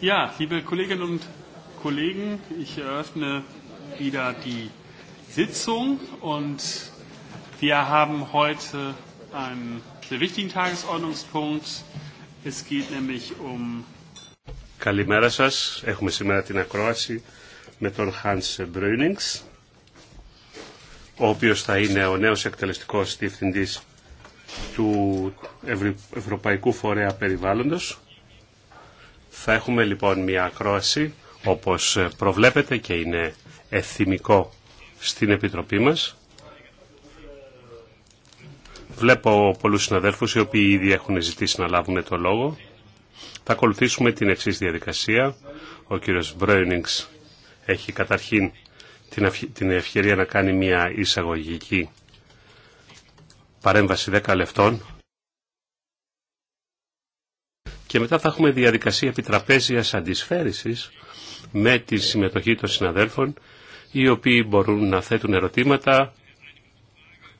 Ja, liebe Kolleginnen und Kollegen, ich eröffne wieder die Sitzung und wir haben heute einen sehr wichtigen Tagesordnungspunkt. Es geht nämlich um Καλημέρα σας. Έχουμε σήμερα την ακρόαση με τον Hans Brünings, ο οποίος θα είναι ο νέος εκτελεστικός διευθυντής του Ευρωπαϊκού Φορέα Περιβάλλοντος θα έχουμε λοιπόν μια ακρόαση όπως προβλέπετε και είναι εθιμικό στην Επιτροπή μας. Βλέπω πολλούς συναδέλφους οι οποίοι ήδη έχουν ζητήσει να λάβουν το λόγο. Θα ακολουθήσουμε την εξής διαδικασία. Ο κύριος Μπρόινιγκς έχει καταρχήν την ευκαιρία να κάνει μια εισαγωγική παρέμβαση 10 λεπτών και μετά θα έχουμε διαδικασία επιτραπέζιας αντισφαίρησης με τη συμμετοχή των συναδέλφων οι οποίοι μπορούν να θέτουν ερωτήματα,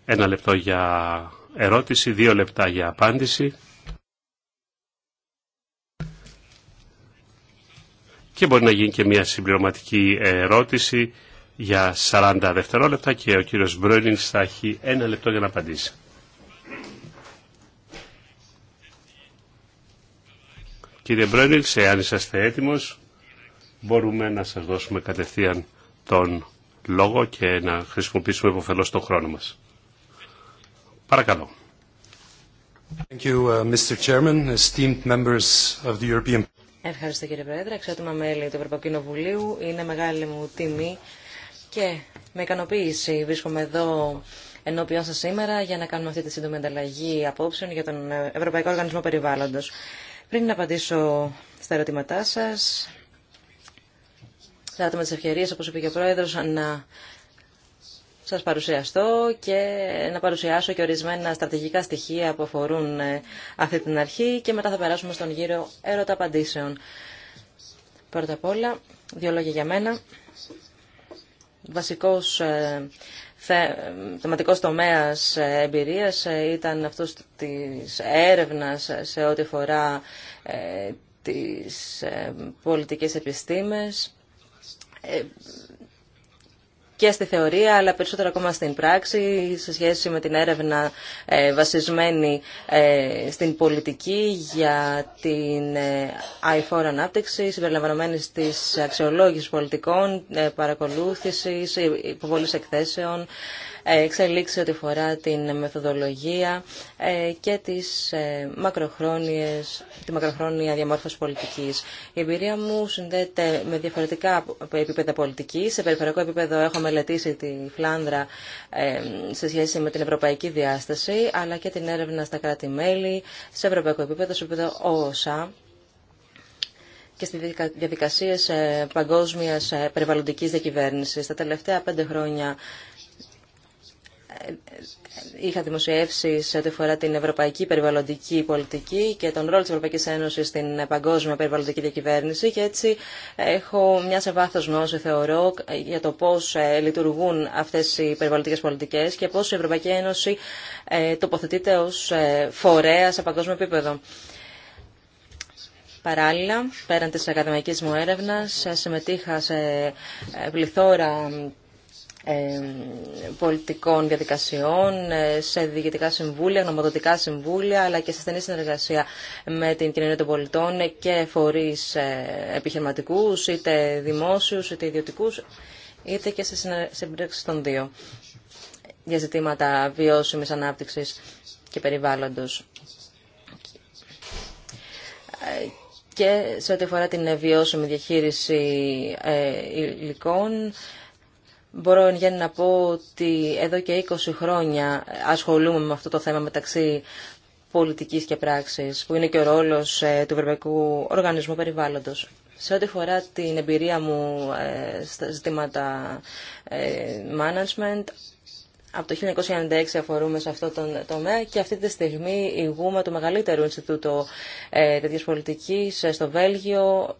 ένα λεπτό για ερώτηση, δύο λεπτά για απάντηση και μπορεί να γίνει και μια συμπληρωματική ερώτηση για 40 δευτερόλεπτα και ο κύριος Μπρόνινς θα έχει ένα λεπτό για να απαντήσει. Κύριε Μπρόνιξ, εάν είσαστε έτοιμος, μπορούμε να σας δώσουμε κατευθείαν τον λόγο και να χρησιμοποιήσουμε υποφελώς τον χρόνο μας. Παρακαλώ. Thank you, uh, Mr. Chairman, esteemed members of the European... Ευχαριστώ κύριε Πρόεδρε, εξότιμα μέλη του Ευρωπαϊκού Κοινοβουλίου. Είναι μεγάλη μου τιμή και με ικανοποίηση βρίσκομαι εδώ ενώπιον σας σήμερα για να κάνουμε αυτή τη σύντομη ανταλλαγή απόψεων για τον ε, Ευρωπαϊκό Οργανισμό Περιβάλλοντος. Πριν να απαντήσω στα ερωτήματά σας, θα με τις ευκαιρίες, όπως είπε και ο Πρόεδρος, να σας παρουσιαστώ και να παρουσιάσω και ορισμένα στρατηγικά στοιχεία που αφορούν ε, αυτή την αρχή και μετά θα περάσουμε στον γύρο έρωτα απαντήσεων. Πρώτα απ' όλα, δύο λόγια για μένα. Βασικός ε, θεματικός τομέας ε, εμπειρίας ε, ήταν αυτός της έρευνας σε ό,τι αφορά ε, τις πολιτικές επιστήμες και στη θεωρία, αλλά περισσότερο ακόμα στην πράξη, σε σχέση με την έρευνα ε, βασισμένη ε, στην πολιτική για την ε, I4 ανάπτυξη, συμπεριλαμβανομένη της αξιολόγηση πολιτικών, παρακολούθησης, υποβολής εκθέσεων, εξελίξει ό,τι φορά την μεθοδολογία και τις μακροχρόνιες, τη μακροχρόνια διαμόρφωση πολιτικής. Η εμπειρία μου συνδέεται με διαφορετικά επίπεδα πολιτική. Σε περιφερειακό επίπεδο έχουμε μελετήσει τη Φλάνδρα σε σχέση με την ευρωπαϊκή διάσταση, αλλά και την έρευνα στα κράτη-μέλη, σε ευρωπαϊκό επίπεδο, σε επίπεδο όσα και στις διαδικασίες ε, παγκόσμιας ε, περιβαλλοντικής διακυβέρνησης. Τα τελευταία πέντε χρόνια είχα δημοσιεύσει σε ό,τι αφορά την ευρωπαϊκή περιβαλλοντική πολιτική και τον ρόλο της Ευρωπαϊκής Ένωσης στην παγκόσμια περιβαλλοντική διακυβέρνηση και έτσι έχω μια σε βάθος γνώση θεωρώ για το πώς ε, λειτουργούν αυτές οι περιβαλλοντικές πολιτικές και πώς η Ευρωπαϊκή Ένωση ε, τοποθετείται ως ε, φορέα σε παγκόσμιο επίπεδο. Παράλληλα, πέραν της ακαδημαϊκής μου έρευνας, συμμετείχα σε πληθώρα πολιτικών διαδικασιών, ε, σε διοικητικά συμβούλια, γνωμοδοτικά συμβούλια, αλλά και σε στενή συνεργασία με την κοινωνία των πολιτών και φορείς ε, επιχειρηματικούς, είτε δημόσιους, είτε ιδιωτικούς, είτε και σε συμπρέξεις των δύο για ζητήματα βιώσιμης ανάπτυξης και περιβάλλοντος. Ε, και σε ό,τι αφορά την βιώσιμη διαχείριση υλικών, Μπορώ εν γέννη να πω ότι εδώ και 20 χρόνια ασχολούμαι με αυτό το θέμα μεταξύ πολιτικής και πράξης, που είναι και ο ρόλος ε, του Ευρωπαϊκού Οργανισμού Περιβάλλοντος. Σε ό,τι φορά την εμπειρία μου ε, στα ζητήματα ε, management, από το 1996 αφορούμε σε αυτό το τομέα και αυτή τη στιγμή ηγούμε το μεγαλύτερο Ινστιτούτο ε, τέτοιας πολιτικής στο Βέλγιο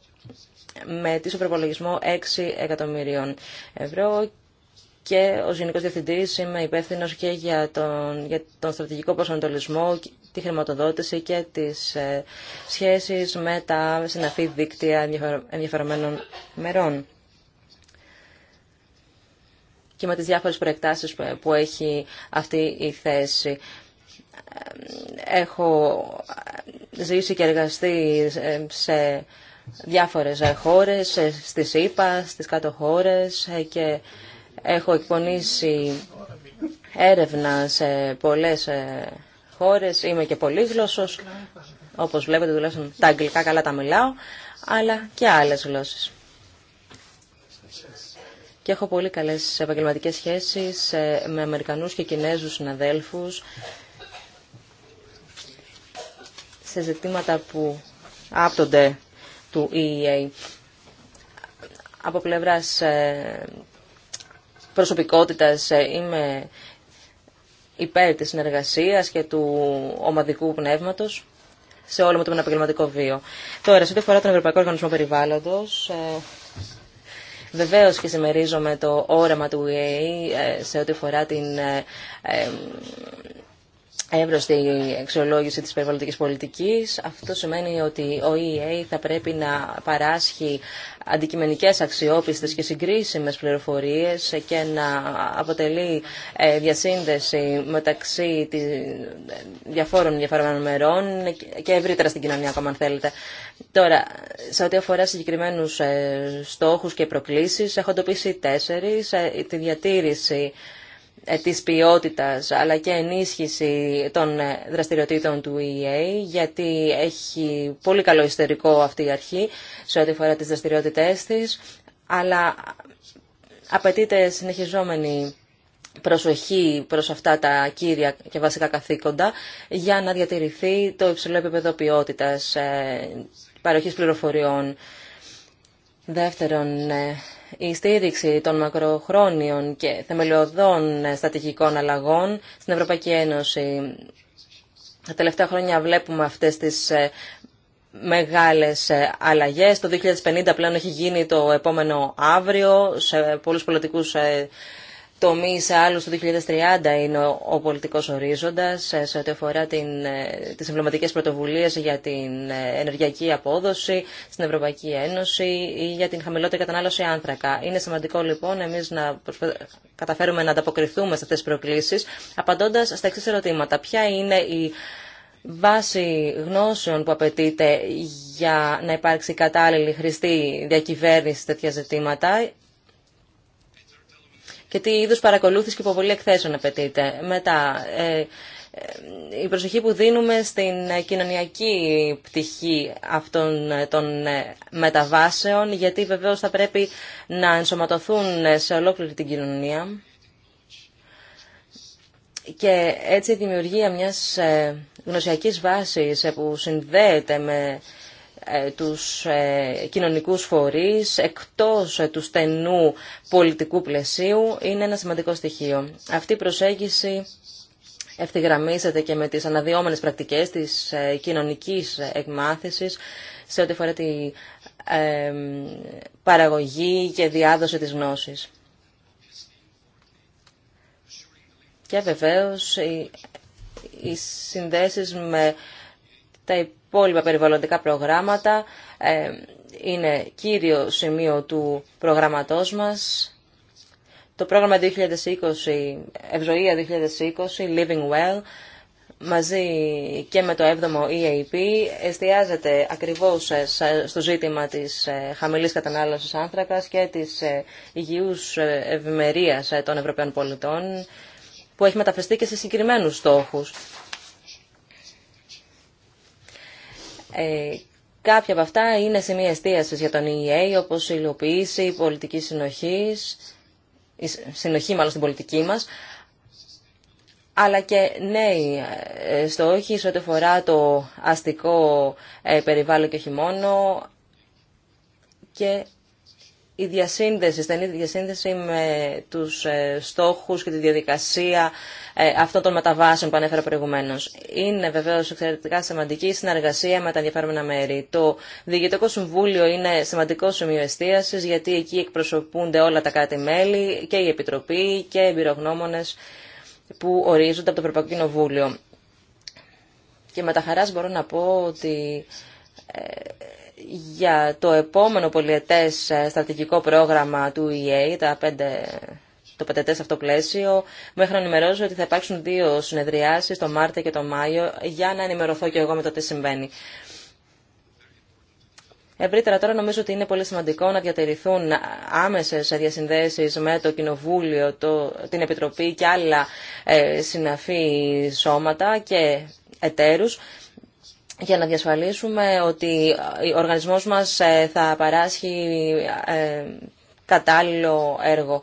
με τη προπολογισμό 6 εκατομμυρίων ευρώ και ο Γενικός Διευθυντής είμαι υπεύθυνο και για τον, για τον στρατηγικό προσανατολισμό, τη χρηματοδότηση και τις ε, σχέσεις με τα συναφή δίκτυα ενδιαφερομένων μερών και με τις διάφορες προεκτάσεις που έχει αυτή η θέση. Έχω ζήσει και εργαστεί σε διάφορες χώρες, ε, στις ΗΠΑ, στις κάτω χώρες ε, και έχω εκπονήσει έρευνα σε πολλές ε, χώρες, είμαι και γλώσσος, όπως βλέπετε τουλάχιστον τα αγγλικά καλά τα μιλάω, αλλά και άλλες γλώσσες. Και έχω πολύ καλές επαγγελματικές σχέσεις με Αμερικανούς και Κινέζους συναδέλφους σε ζητήματα που άπτονται του EEA. Από πλευράς ε, προσωπικότητας ε, είμαι υπέρ της συνεργασίας και του ομαδικού πνεύματος σε όλο μου το επαγγελματικό βίο. Τώρα, σε ό,τι αφορά τον Ευρωπαϊκό Οργανισμό Περιβάλλοντος, ε, Βεβαίως και συμμερίζομαι το όραμα του e ε, σε ό,τι αφορά την εύρωστη αξιολόγηση της περιβαλλοντικής πολιτικής. Αυτό σημαίνει ότι ο EA θα πρέπει να παράσχει αντικειμενικές αξιόπιστες και συγκρίσιμες πληροφορίες και να αποτελεί ε, διασύνδεση μεταξύ ε, διαφόρων διαφόρων μερών και ευρύτερα στην κοινωνία ακόμα αν θέλετε. Τώρα, σε ό,τι αφορά συγκεκριμένους ε, στόχους και προκλήσεις, έχω εντοπίσει τέσσερις, τη διατήρηση ε, της ποιότητας αλλά και ενίσχυση των ε, δραστηριοτήτων του EA γιατί έχει πολύ καλό ιστορικό αυτή η αρχή σε ό,τι αφορά τις δραστηριότητές της αλλά απαιτείται συνεχιζόμενη προσοχή προς αυτά τα κύρια και βασικά καθήκοντα για να διατηρηθεί το υψηλό επίπεδο ποιότητας ε, παροχής πληροφοριών. Δεύτερον, η στήριξη των μακροχρόνιων και θεμελιωδών στατικικών αλλαγών στην Ευρωπαϊκή Ένωση. Τα τελευταία χρόνια βλέπουμε αυτές τις ε, μεγάλες ε, αλλαγές. Το 2050 πλέον έχει γίνει το επόμενο αύριο σε πολλούς πολιτικούς ε, τομεί σε άλλους το 2030 είναι ο, ο πολιτικός ορίζοντας ε, σε ό,τι αφορά τι ε, τις πρωτοβουλίε πρωτοβουλίες για την ε, ενεργειακή απόδοση στην Ευρωπαϊκή Ένωση ή για την χαμηλότερη κατανάλωση άνθρακα. Είναι σημαντικό λοιπόν εμεί να προσπα... καταφέρουμε να ανταποκριθούμε σε αυτέ τι προκλήσει, απαντώντα στα εξή ερωτήματα. Ποια είναι η βάση γνώσεων που απαιτείται για να υπάρξει κατάλληλη χρηστή διακυβέρνηση σε τέτοια ζητήματα και τι είδου παρακολούθηση και υποβολή εκθέσεων απαιτείται. Μετά, ε, ε, η προσοχή που δίνουμε στην κοινωνιακή πτυχή αυτών των ε, μεταβάσεων, γιατί βεβαίως θα πρέπει να ενσωματωθούν σε ολόκληρη την κοινωνία. Και έτσι η δημιουργία μιας γνωσιακής βάσης που συνδέεται με ε, τους ε, κοινωνικούς φορείς εκτός ε, του στενού πολιτικού πλαισίου είναι ένα σημαντικό στοιχείο. Αυτή η προσέγγιση ευθυγραμμίζεται και με τις αναδυόμενες πρακτικές της κοινωνικής εκμάθησης σε ό,τι αφορά τη παραγωγή και διάδοση της γνώσης. Και βεβαίως οι συνδέσεις με τα υπόλοιπα περιβαλλοντικά προγράμματα ε, είναι κύριο σημείο του προγραμματός μας. Το πρόγραμμα 2020, Ευζοία 2020, Living Well, μαζί και με το 7ο EAP, εστιάζεται ακριβώς ε, στο ζήτημα της ε, χαμηλής κατανάλωσης άνθρακας και της υγιούς ευημερίας των Ευρωπαίων πολιτών, που έχει μεταφερθεί και σε συγκεκριμένους στόχους. Ε, κάποια από αυτά είναι σημεία εστίαση για τον EA όπως η υλοποίηση, η πολιτική συνοχή, η συνοχή μάλλον στην πολιτική μας, αλλά και νέοι ε, στόχοι σε ό,τι φορά το αστικό ε, περιβάλλον και όχι μόνο, και η διασύνδεση, στενή διασύνδεση με τους ε, στόχους και τη διαδικασία ε, αυτών των μεταβάσεων που ανέφερα προηγουμένω. Είναι βεβαίω εξαιρετικά σημαντική η συνεργασία με τα ενδιαφέρομενα μέρη. Το Διοικητικό Συμβούλιο είναι σημαντικό σημείο εστίαση, γιατί εκεί εκπροσωπούνται όλα τα κράτη-μέλη και η Επιτροπή και οι εμπειρογνώμονε που ορίζονται από το Ευρωπαϊκό Κοινοβούλιο. Και με τα χαράς μπορώ να πω ότι ε, για το επόμενο πολιετές ε, στρατηγικό πρόγραμμα του ΕΕ, τα πέντε, το πεντετές αυτό πλαίσιο, μέχρι να ενημερώσω ότι θα υπάρξουν δύο συνεδριάσεις, το Μάρτιο και το Μάιο, για να ενημερωθώ και εγώ με το τι συμβαίνει. Ευρύτερα τώρα νομίζω ότι είναι πολύ σημαντικό να διατηρηθούν άμεσες διασυνδέσεις με το Κοινοβούλιο, το, την Επιτροπή και άλλα ε, συναφή σώματα και εταίρους για να διασφαλίσουμε ότι ο οργανισμός μας ε, θα παράσχει ε, κατάλληλο έργο.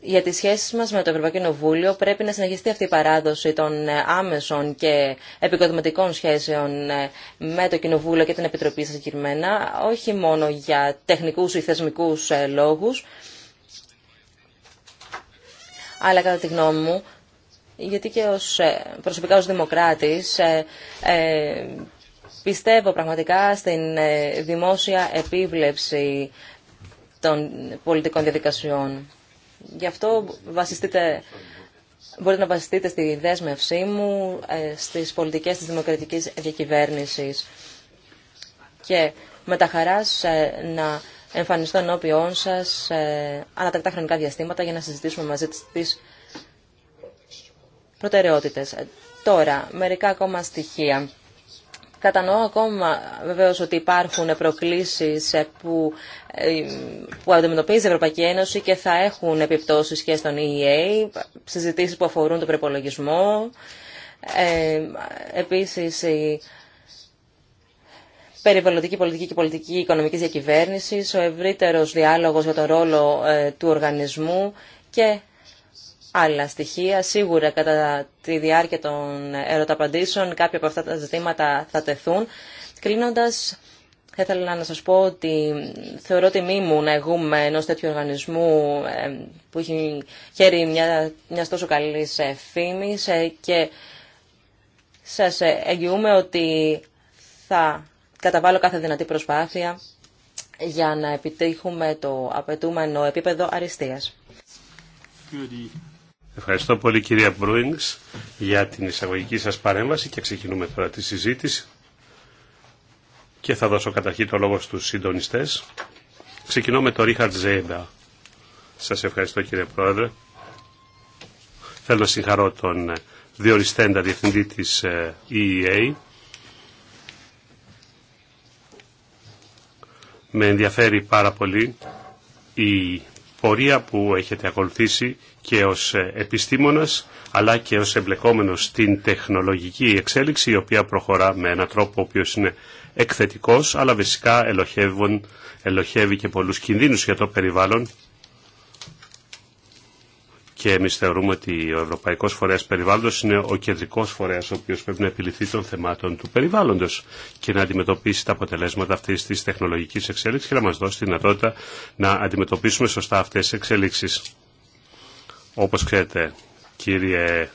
Για τις σχέσεις μας με το Ευρωπαϊκό Κοινοβούλιο πρέπει να συνεχιστεί αυτή η παράδοση των ε, άμεσων και επικοδηματικών σχέσεων με το Κοινοβούλιο και την Επιτροπή συγκεκριμένα, όχι μόνο για τεχνικούς ή θεσμικούς λόγους, αλλά κατά τη γνώμη μου, γιατί και ως, προσωπικά ως δημοκράτης Πιστεύω πραγματικά στην ε, δημόσια επίβλεψη των πολιτικών διαδικασιών. Γι' αυτό βασιστείτε, μπορείτε να βασιστείτε στη δέσμευσή μου, ε, στις πολιτικές της δημοκρατικής διακυβέρνησης και με τα χαράς ε, να εμφανιστώ ενώπιόν σας ανατακτά χρονικά διαστήματα για να συζητήσουμε μαζί τις προτεραιότητες. Τώρα, μερικά ακόμα στοιχεία Κατανοώ ακόμα βεβαίως ότι υπάρχουν προκλήσεις ε, που, ε, που αντιμετωπίζει η Ευρωπαϊκή Ένωση και θα έχουν επιπτώσεις και στον EEA, συζητήσεις που αφορούν τον προπολογισμό. Ε, επίσης η περιβαλλοντική πολιτική και πολιτική οικονομική διακυβέρνηση, ο ευρύτερος διάλογος για τον ρόλο ε, του οργανισμού και άλλα στοιχεία. Σίγουρα κατά τη διάρκεια των ερωταπαντήσεων κάποια από αυτά τα ζητήματα θα τεθούν. Κλείνοντας, θα ήθελα να σας πω ότι θεωρώ τιμή μου να εγούμε ενό τέτοιου οργανισμού ε, που έχει χέρι μια, μιας τόσο καλής φήμης ε, και σας εγγυούμε ότι θα καταβάλω κάθε δυνατή προσπάθεια για να επιτύχουμε το απαιτούμενο επίπεδο αριστείας. Ευχαριστώ πολύ κυρία Μπρούινγκς για την εισαγωγική σας παρέμβαση και ξεκινούμε τώρα τη συζήτηση και θα δώσω καταρχήν το λόγο στους συντονιστές. Ξεκινώ με τον Ρίχαρτ Ζέιντα. Σας ευχαριστώ κύριε Πρόεδρε. Θέλω να συγχαρώ τον διοριστέντα διευθυντή της ε, EEA. Με ενδιαφέρει πάρα πολύ η πορεία που έχετε ακολουθήσει και ως επιστήμονας αλλά και ως εμπλεκόμενος στην τεχνολογική εξέλιξη η οποία προχωρά με έναν τρόπο ο οποίος είναι εκθετικός αλλά βυσικά ελοχεύει και πολλούς κινδύνους για το περιβάλλον και εμεί θεωρούμε ότι ο Ευρωπαϊκό Φορέα Περιβάλλοντο είναι ο κεντρικό φορέα ο οποίο πρέπει να επιληθεί των θεμάτων του περιβάλλοντο και να αντιμετωπίσει τα αποτελέσματα αυτή τη τεχνολογική εξέλιξη και να μα δώσει τη δυνατότητα να αντιμετωπίσουμε σωστά αυτέ τι εξέλιξει. Όπως ξέρετε, κύριε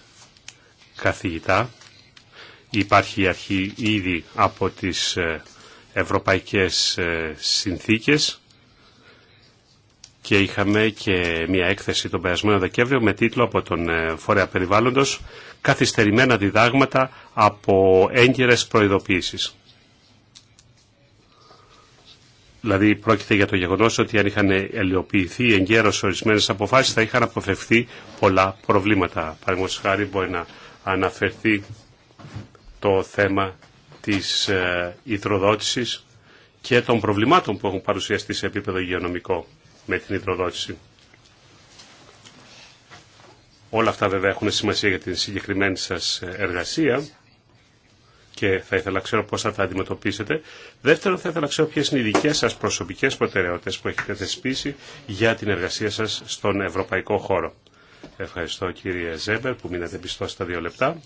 καθηγητά, υπάρχει η αρχή ήδη από τις ε, ευρωπαϊκές ε, συνθήκες και είχαμε και μια έκθεση τον περασμένο Δεκέμβριο με τίτλο από τον ε, Φορέα Περιβάλλοντος «Καθυστερημένα διδάγματα από έγκυρες προειδοποίησεις». Δηλαδή πρόκειται για το γεγονό ότι αν είχαν ελαιοποιηθεί εγκαίρω ορισμένε αποφάσει θα είχαν αποφευθεί πολλά προβλήματα. Παραδείγματο χάρη μπορεί να αναφερθεί το θέμα τη ε, υδροδότηση και των προβλημάτων που έχουν παρουσιαστεί σε επίπεδο υγειονομικό με την υδροδότηση. Όλα αυτά βέβαια έχουν σημασία για την συγκεκριμένη σας εργασία και θα ήθελα να ξέρω πώς θα τα αντιμετωπίσετε. Δεύτερον, θα ήθελα να ξέρω ποιες είναι οι δικές σας προσωπικές προτεραιότητες που έχετε θεσπίσει για την εργασία σας στον ευρωπαϊκό χώρο. Ευχαριστώ κύριε Ζέμπερ που μείνατε πιστό στα δύο λεπτά.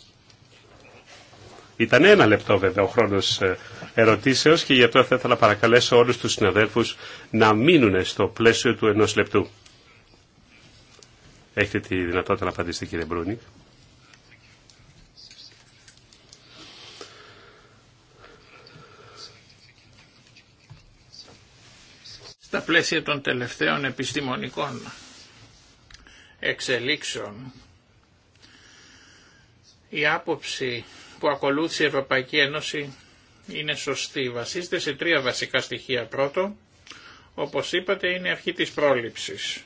Ήταν ένα λεπτό βέβαια ο χρόνος ε, ερωτήσεως και για αυτό θα ήθελα να παρακαλέσω όλους τους συναδέλφους να μείνουν στο πλαίσιο του ενός λεπτού. Έχετε τη δυνατότητα να απαντήσετε κύριε Μπρούνικ. Στα πλαίσια των τελευταίων επιστημονικών εξελίξεων, η άποψη που ακολούθησε η Ευρωπαϊκή Ένωση είναι σωστή. Βασίζεται σε τρία βασικά στοιχεία. Πρώτο, όπως είπατε, είναι η αρχή της πρόληψης.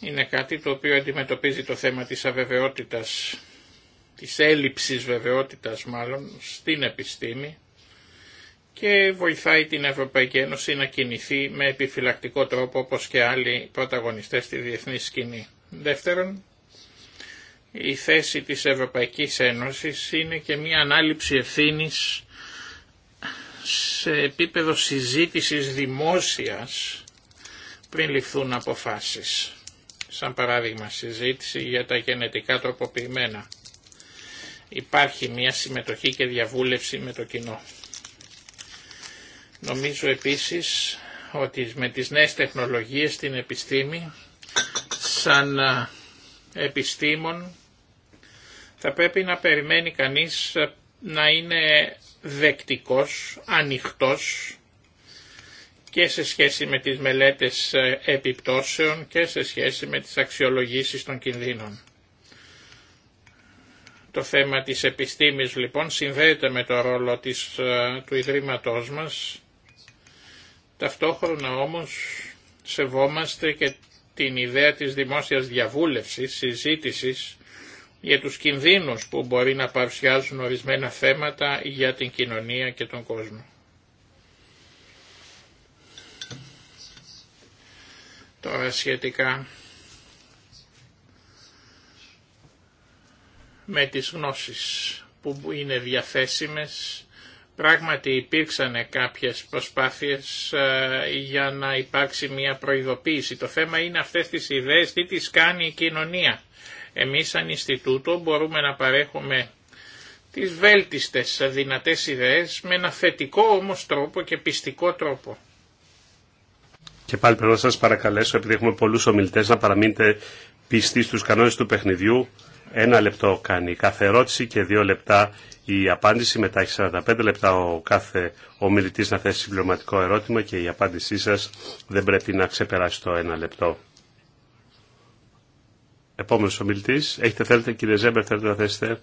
Είναι κάτι το οποίο αντιμετωπίζει το θέμα της αβεβαιότητας, της έλλειψης βεβαιότητας μάλλον, στην επιστήμη και βοηθάει την Ευρωπαϊκή Ένωση να κινηθεί με επιφυλακτικό τρόπο όπως και άλλοι πρωταγωνιστές στη διεθνή σκηνή. Δεύτερον, η θέση της Ευρωπαϊκής Ένωσης είναι και μια ανάληψη ευθύνη σε επίπεδο συζήτησης δημόσιας πριν ληφθούν αποφάσεις. Σαν παράδειγμα συζήτηση για τα γενετικά τροποποιημένα. Υπάρχει μια συμμετοχή και διαβούλευση με το κοινό. Νομίζω επίσης ότι με τις νέες τεχνολογίες στην επιστήμη, σαν επιστήμον, θα πρέπει να περιμένει κανείς να είναι δεκτικός, ανοιχτός και σε σχέση με τις μελέτες επιπτώσεων και σε σχέση με τις αξιολογήσεις των κινδύνων. Το θέμα της επιστήμης λοιπόν συνδέεται με το ρόλο της, του Ιδρύματός μας Ταυτόχρονα όμως σεβόμαστε και την ιδέα της δημόσιας διαβούλευσης, συζήτησης για τους κινδύνους που μπορεί να παρουσιάζουν ορισμένα θέματα για την κοινωνία και τον κόσμο. Τώρα σχετικά με τις γνώσεις που είναι διαθέσιμες Πράγματι υπήρξαν κάποιες προσπάθειες ε, για να υπάρξει μια προειδοποίηση. Το θέμα είναι αυτές τις ιδέες, τι τις κάνει η κοινωνία. Εμείς σαν Ινστιτούτο μπορούμε να παρέχουμε τις βέλτιστες δυνατές ιδέες με ένα θετικό όμως τρόπο και πιστικό τρόπο. Και πάλι πρέπει να σας παρακαλέσω, επειδή έχουμε πολλούς ομιλητές, να παραμείνετε πιστοί στους κανόνες του παιχνιδιού. Ένα λεπτό κάνει κάθε ερώτηση και δύο λεπτά η απάντηση. Μετά έχει 45 λεπτά ο κάθε ομιλητής να θέσει συμπληρωματικό ερώτημα και η απάντησή σας δεν πρέπει να ξεπεράσει το ένα λεπτό. Επόμενος ομιλητής. Έχετε θέλετε κύριε Ζέμπερ θέλετε να θέσετε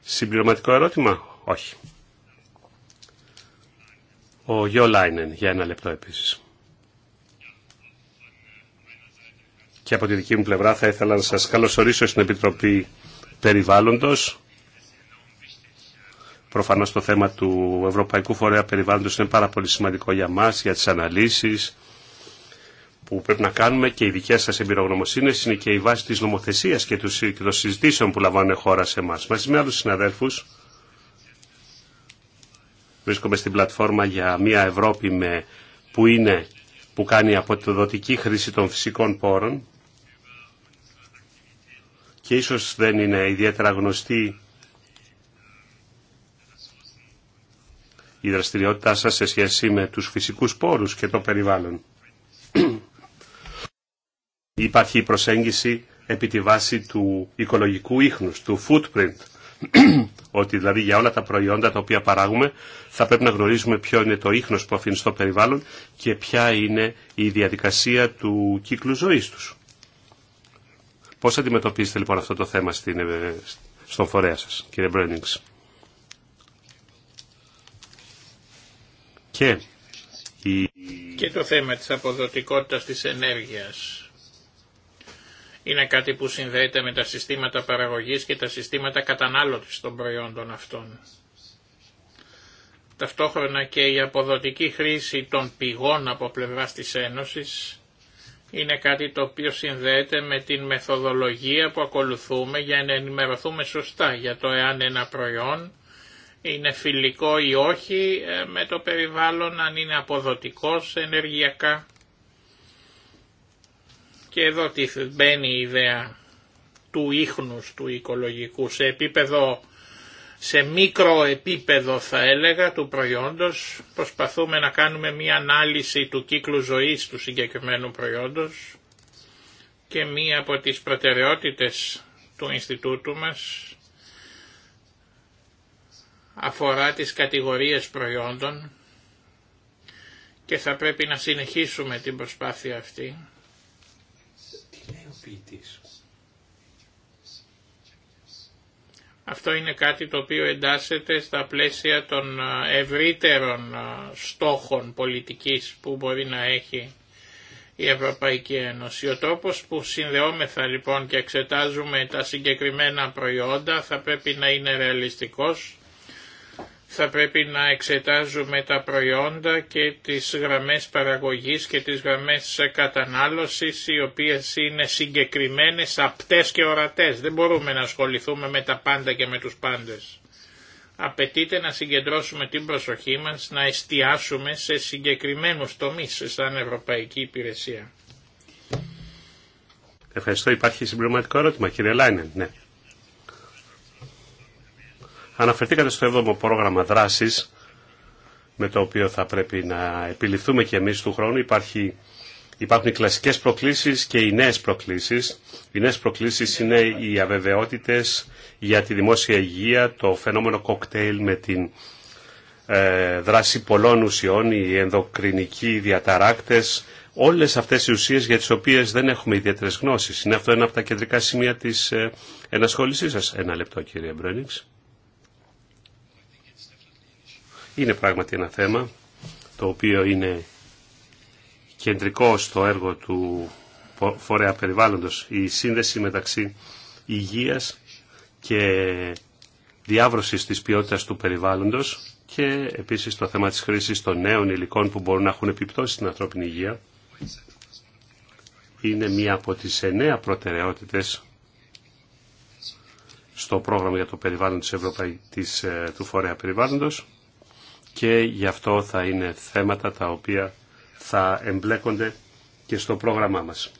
συμπληρωματικό ερώτημα. Όχι. Ο Γιώ Λάινεν για ένα λεπτό επίσης. Και από τη δική μου πλευρά θα ήθελα να σας καλωσορίσω στην Επιτροπή Περιβάλλοντος Προφανώς το θέμα του Ευρωπαϊκού Φορέα Περιβάλλοντος είναι πάρα πολύ σημαντικό για μας, για τις αναλύσεις που πρέπει να κάνουμε και οι δικές σας εμπειρογνωμοσύνες είναι και η βάση της νομοθεσίας και των συζητήσεων που λαμβάνουν χώρα σε εμά. Μαζί με άλλους συναδέλφους βρίσκομαι στην πλατφόρμα για μια Ευρώπη που, κάνει αποτεδοτική χρήση των φυσικών πόρων και ίσως δεν είναι ιδιαίτερα γνωστή η δραστηριότητά σας σε σχέση με τους φυσικούς πόρους και το περιβάλλον. Υπάρχει η προσέγγιση επί τη βάση του οικολογικού ίχνους, του footprint, ότι δηλαδή για όλα τα προϊόντα τα οποία παράγουμε θα πρέπει να γνωρίζουμε ποιο είναι το ίχνος που αφήνει στο περιβάλλον και ποια είναι η διαδικασία του κύκλου ζωής τους. Πώς αντιμετωπίζετε λοιπόν αυτό το θέμα στην, ε, στον φορέα σας, κύριε Μπρένιγκς. και το θέμα της αποδοτικότητας της ενέργειας είναι κάτι που συνδέεται με τα συστήματα παραγωγής και τα συστήματα κατανάλωσης των προϊόντων αυτών. Ταυτόχρονα και η αποδοτική χρήση των πηγών από πλευράς της Ένωσης είναι κάτι το οποίο συνδέεται με την μεθοδολογία που ακολουθούμε για να ενημερωθούμε σωστά για το εάν ένα προϊόν είναι φιλικό ή όχι ε, με το περιβάλλον, αν είναι αποδοτικός ενεργειακά. Και εδώ μπαίνει η ιδέα του ίχνους του οικολογικού σε επίπεδο σε μικρό επίπεδο θα έλεγα του προϊόντος προσπαθούμε να κάνουμε μία ανάλυση του κύκλου ζωής του συγκεκριμένου προϊόντος και μία από τις προτεραιότητες του Ινστιτούτου μας αφορά τις κατηγορίες προϊόντων και θα πρέπει να συνεχίσουμε την προσπάθεια αυτή. Αυτό είναι κάτι το οποίο εντάσσεται στα πλαίσια των ευρύτερων στόχων πολιτικής που μπορεί να έχει η Ευρωπαϊκή Ένωση. Ο τρόπος που συνδεόμεθα λοιπόν και εξετάζουμε τα συγκεκριμένα προϊόντα θα πρέπει να είναι ρεαλιστικός θα πρέπει να εξετάζουμε τα προϊόντα και τις γραμμές παραγωγής και τις γραμμές κατανάλωσης οι οποίες είναι συγκεκριμένες, απτές και ορατές. Δεν μπορούμε να ασχοληθούμε με τα πάντα και με τους πάντες. Απαιτείται να συγκεντρώσουμε την προσοχή μας, να εστιάσουμε σε συγκεκριμένους τομείς σαν Ευρωπαϊκή Υπηρεσία. Ευχαριστώ. Υπάρχει συμπληρωματικό ερώτημα, κύριε Λάινεν. Ναι. Αναφερθήκατε στο 7ο πρόγραμμα δράση, με το οποίο θα πρέπει να επιληφθούμε και εμείς του χρόνου. Υπάρχει, υπάρχουν οι κλασικές προκλήσεις και οι νέες προκλήσεις. Οι νέες προκλήσεις είναι οι αβεβαιότητες για τη δημόσια υγεία, το φαινόμενο κοκτέιλ με την ε, δράση πολλών ουσιών, οι ενδοκρινικοί διαταράκτες, όλες αυτές οι ουσίες για τις οποίες δεν έχουμε ιδιαίτερες γνώσεις. Είναι αυτό ένα από τα κεντρικά σημεία της ε, ενασχόλησής σας. Ένα λεπτό κύριε Μπρένιξ. Είναι πράγματι ένα θέμα το οποίο είναι κεντρικό στο έργο του φορέα περιβάλλοντος. Η σύνδεση μεταξύ υγείας και διάβρωσης της ποιότητας του περιβάλλοντος και επίσης το θέμα της χρήσης των νέων υλικών που μπορούν να έχουν επιπτώσει στην ανθρώπινη υγεία είναι μία από τις εννέα προτεραιότητες στο πρόγραμμα για το περιβάλλον της, Ευρωπαϊ... Ε, του Φορέα Περιβάλλοντος και γι' αυτό θα είναι θέματα τα οποία θα εμπλέκονται και στο πρόγραμμά μας.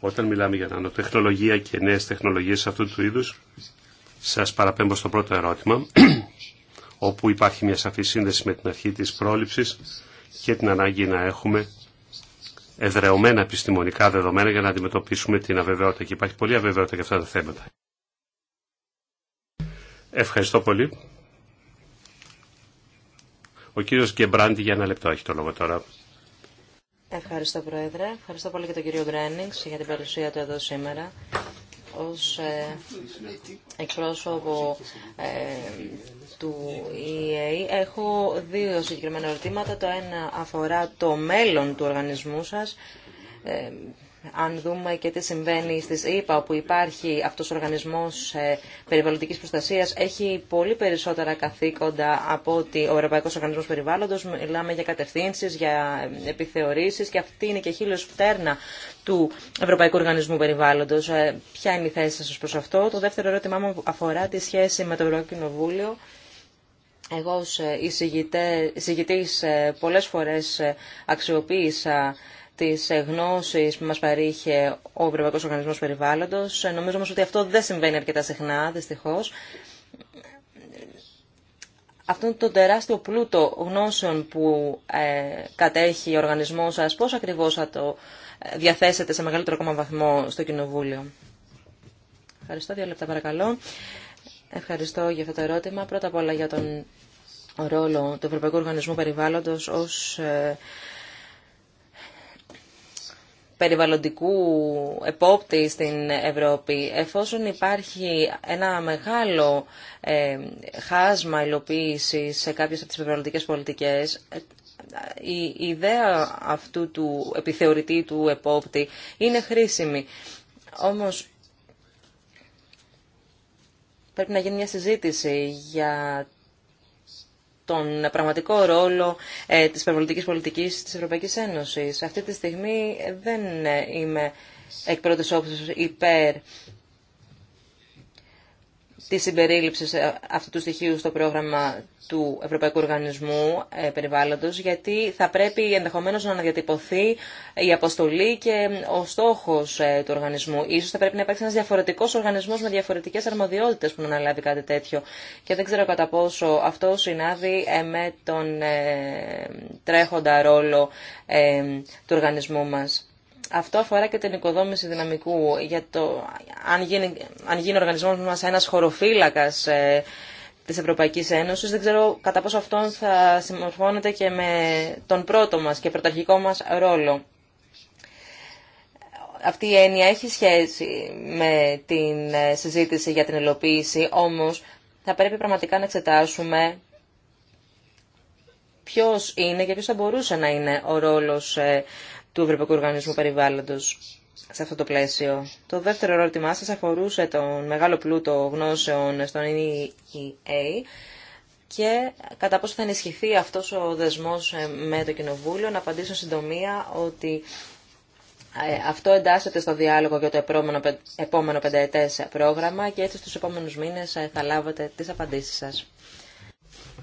Όταν μιλάμε για νανοτεχνολογία και νέες τεχνολογίες αυτού του είδους, σας παραπέμπω στο πρώτο ερώτημα, όπου υπάρχει μια σαφή σύνδεση με την αρχή της πρόληψης και την ανάγκη να έχουμε εδρεωμένα επιστημονικά δεδομένα για να αντιμετωπίσουμε την αβεβαιότητα. Και υπάρχει πολλή αβεβαιότητα για αυτά τα θέματα. Ευχαριστώ πολύ. Ο κύριο Γκεμπράντη για ένα λεπτό έχει το λόγο τώρα. Ευχαριστώ Πρόεδρε. Ευχαριστώ πολύ και τον κύριο Γκρένιξ για την παρουσία του εδώ σήμερα ω ε, εκπρόσωπο ε, του EA. Έχω δύο συγκεκριμένα ερωτήματα. Το ένα αφορά το μέλλον του οργανισμού σας. Ε, αν δούμε και τι συμβαίνει στις ΗΠΑ όπου υπάρχει αυτός ο οργανισμός ε, περιβαλλοντικής προστασίας, έχει πολύ περισσότερα καθήκοντα από ότι ο Ευρωπαϊκός Οργανισμός Περιβάλλοντος. Μιλάμε για κατευθύνσεις, για ε, επιθεωρήσεις και αυτή είναι και χείλος φτέρνα του Ευρωπαϊκού Οργανισμού Περιβάλλοντος. Ε, ποια είναι η θέση σας προς αυτό. Το δεύτερο ερώτημά μου αφορά τη σχέση με το Ευρωπαϊκό Κοινοβούλιο. Εγώ ως εισηγητής πολλές φορές αξιοποίησα τις γνώσεις που μας παρήχε ο Ευρωπαϊκός Οργανισμός Περιβάλλοντος. Νομίζω όμως ότι αυτό δεν συμβαίνει αρκετά συχνά, δυστυχώς. Αυτό τον τεράστιο πλούτο γνώσεων που ε, κατέχει ο οργανισμός σας, πώς ακριβώς θα το ε, διαθέσετε σε μεγαλύτερο κόμμα βαθμό στο Κοινοβούλιο. Ευχαριστώ. Δύο λεπτά παρακαλώ. Ευχαριστώ για αυτό το ερώτημα. Πρώτα απ' όλα για τον ρόλο του Ευρωπαϊκού Οργανισμού Περιβάλλοντος ως ε, περιβαλλοντικού επόπτη στην Ευρώπη. Εφόσον υπάρχει ένα μεγάλο ε, χάσμα υλοποίηση σε κάποιες από τις περιβαλλοντικές πολιτικές, ε, η ιδέα αυτού του επιθεωρητή του επόπτη είναι χρήσιμη. Όμως πρέπει να γίνει μια συζήτηση για τον πραγματικό ρόλο ε, της περιβαλλοντικής πολιτικής της Ευρωπαϊκής Ένωσης. Αυτή τη στιγμή δεν ε, είμαι εκ πρώτης όψης υπέρ τη συμπερίληψη αυτού του στοιχείου στο πρόγραμμα του Ευρωπαϊκού Οργανισμού ε, Περιβάλλοντος, γιατί θα πρέπει ενδεχομένως να αναδιατυπωθεί η αποστολή και ε, ο στόχος ε, του οργανισμού. Ίσως θα πρέπει να υπάρξει ένας διαφορετικός οργανισμός με διαφορετικές αρμοδιότητες που να αναλάβει κάτι τέτοιο. Και δεν ξέρω κατά πόσο αυτό συνάδει με τον τρέχοντα ρόλο του οργανισμού μας. Αυτό αφορά και την οικοδόμηση δυναμικού. Για το, αν, γίνει, αν γίνει ο οργανισμός μας ένας χωροφύλακας ε, της Ευρωπαϊκής Ένωσης, δεν ξέρω κατά πόσο αυτό θα συμμορφώνεται και με τον πρώτο μας και πρωταρχικό μας ρόλο. Αυτή η έννοια έχει σχέση με την ε, συζήτηση για την υλοποίηση, όμως θα πρέπει πραγματικά να εξετάσουμε ποιος είναι και ποιος θα μπορούσε να είναι ο ρόλος ε, του Ευρωπαϊκού Οργανισμού Περιβάλλοντος σε αυτό το πλαίσιο. Το δεύτερο ερώτημά σα αφορούσε τον μεγάλο πλούτο γνώσεων στον EEA και κατά πόσο θα ενισχυθεί αυτός ο δεσμός ε, με το Κοινοβούλιο. Να απαντήσω συντομία ότι ε, αυτό εντάσσεται στο διάλογο για το επόμενο, επόμενο πενταετές πρόγραμμα και έτσι στους επόμενους μήνες ε, θα λάβετε τις απαντήσεις σας.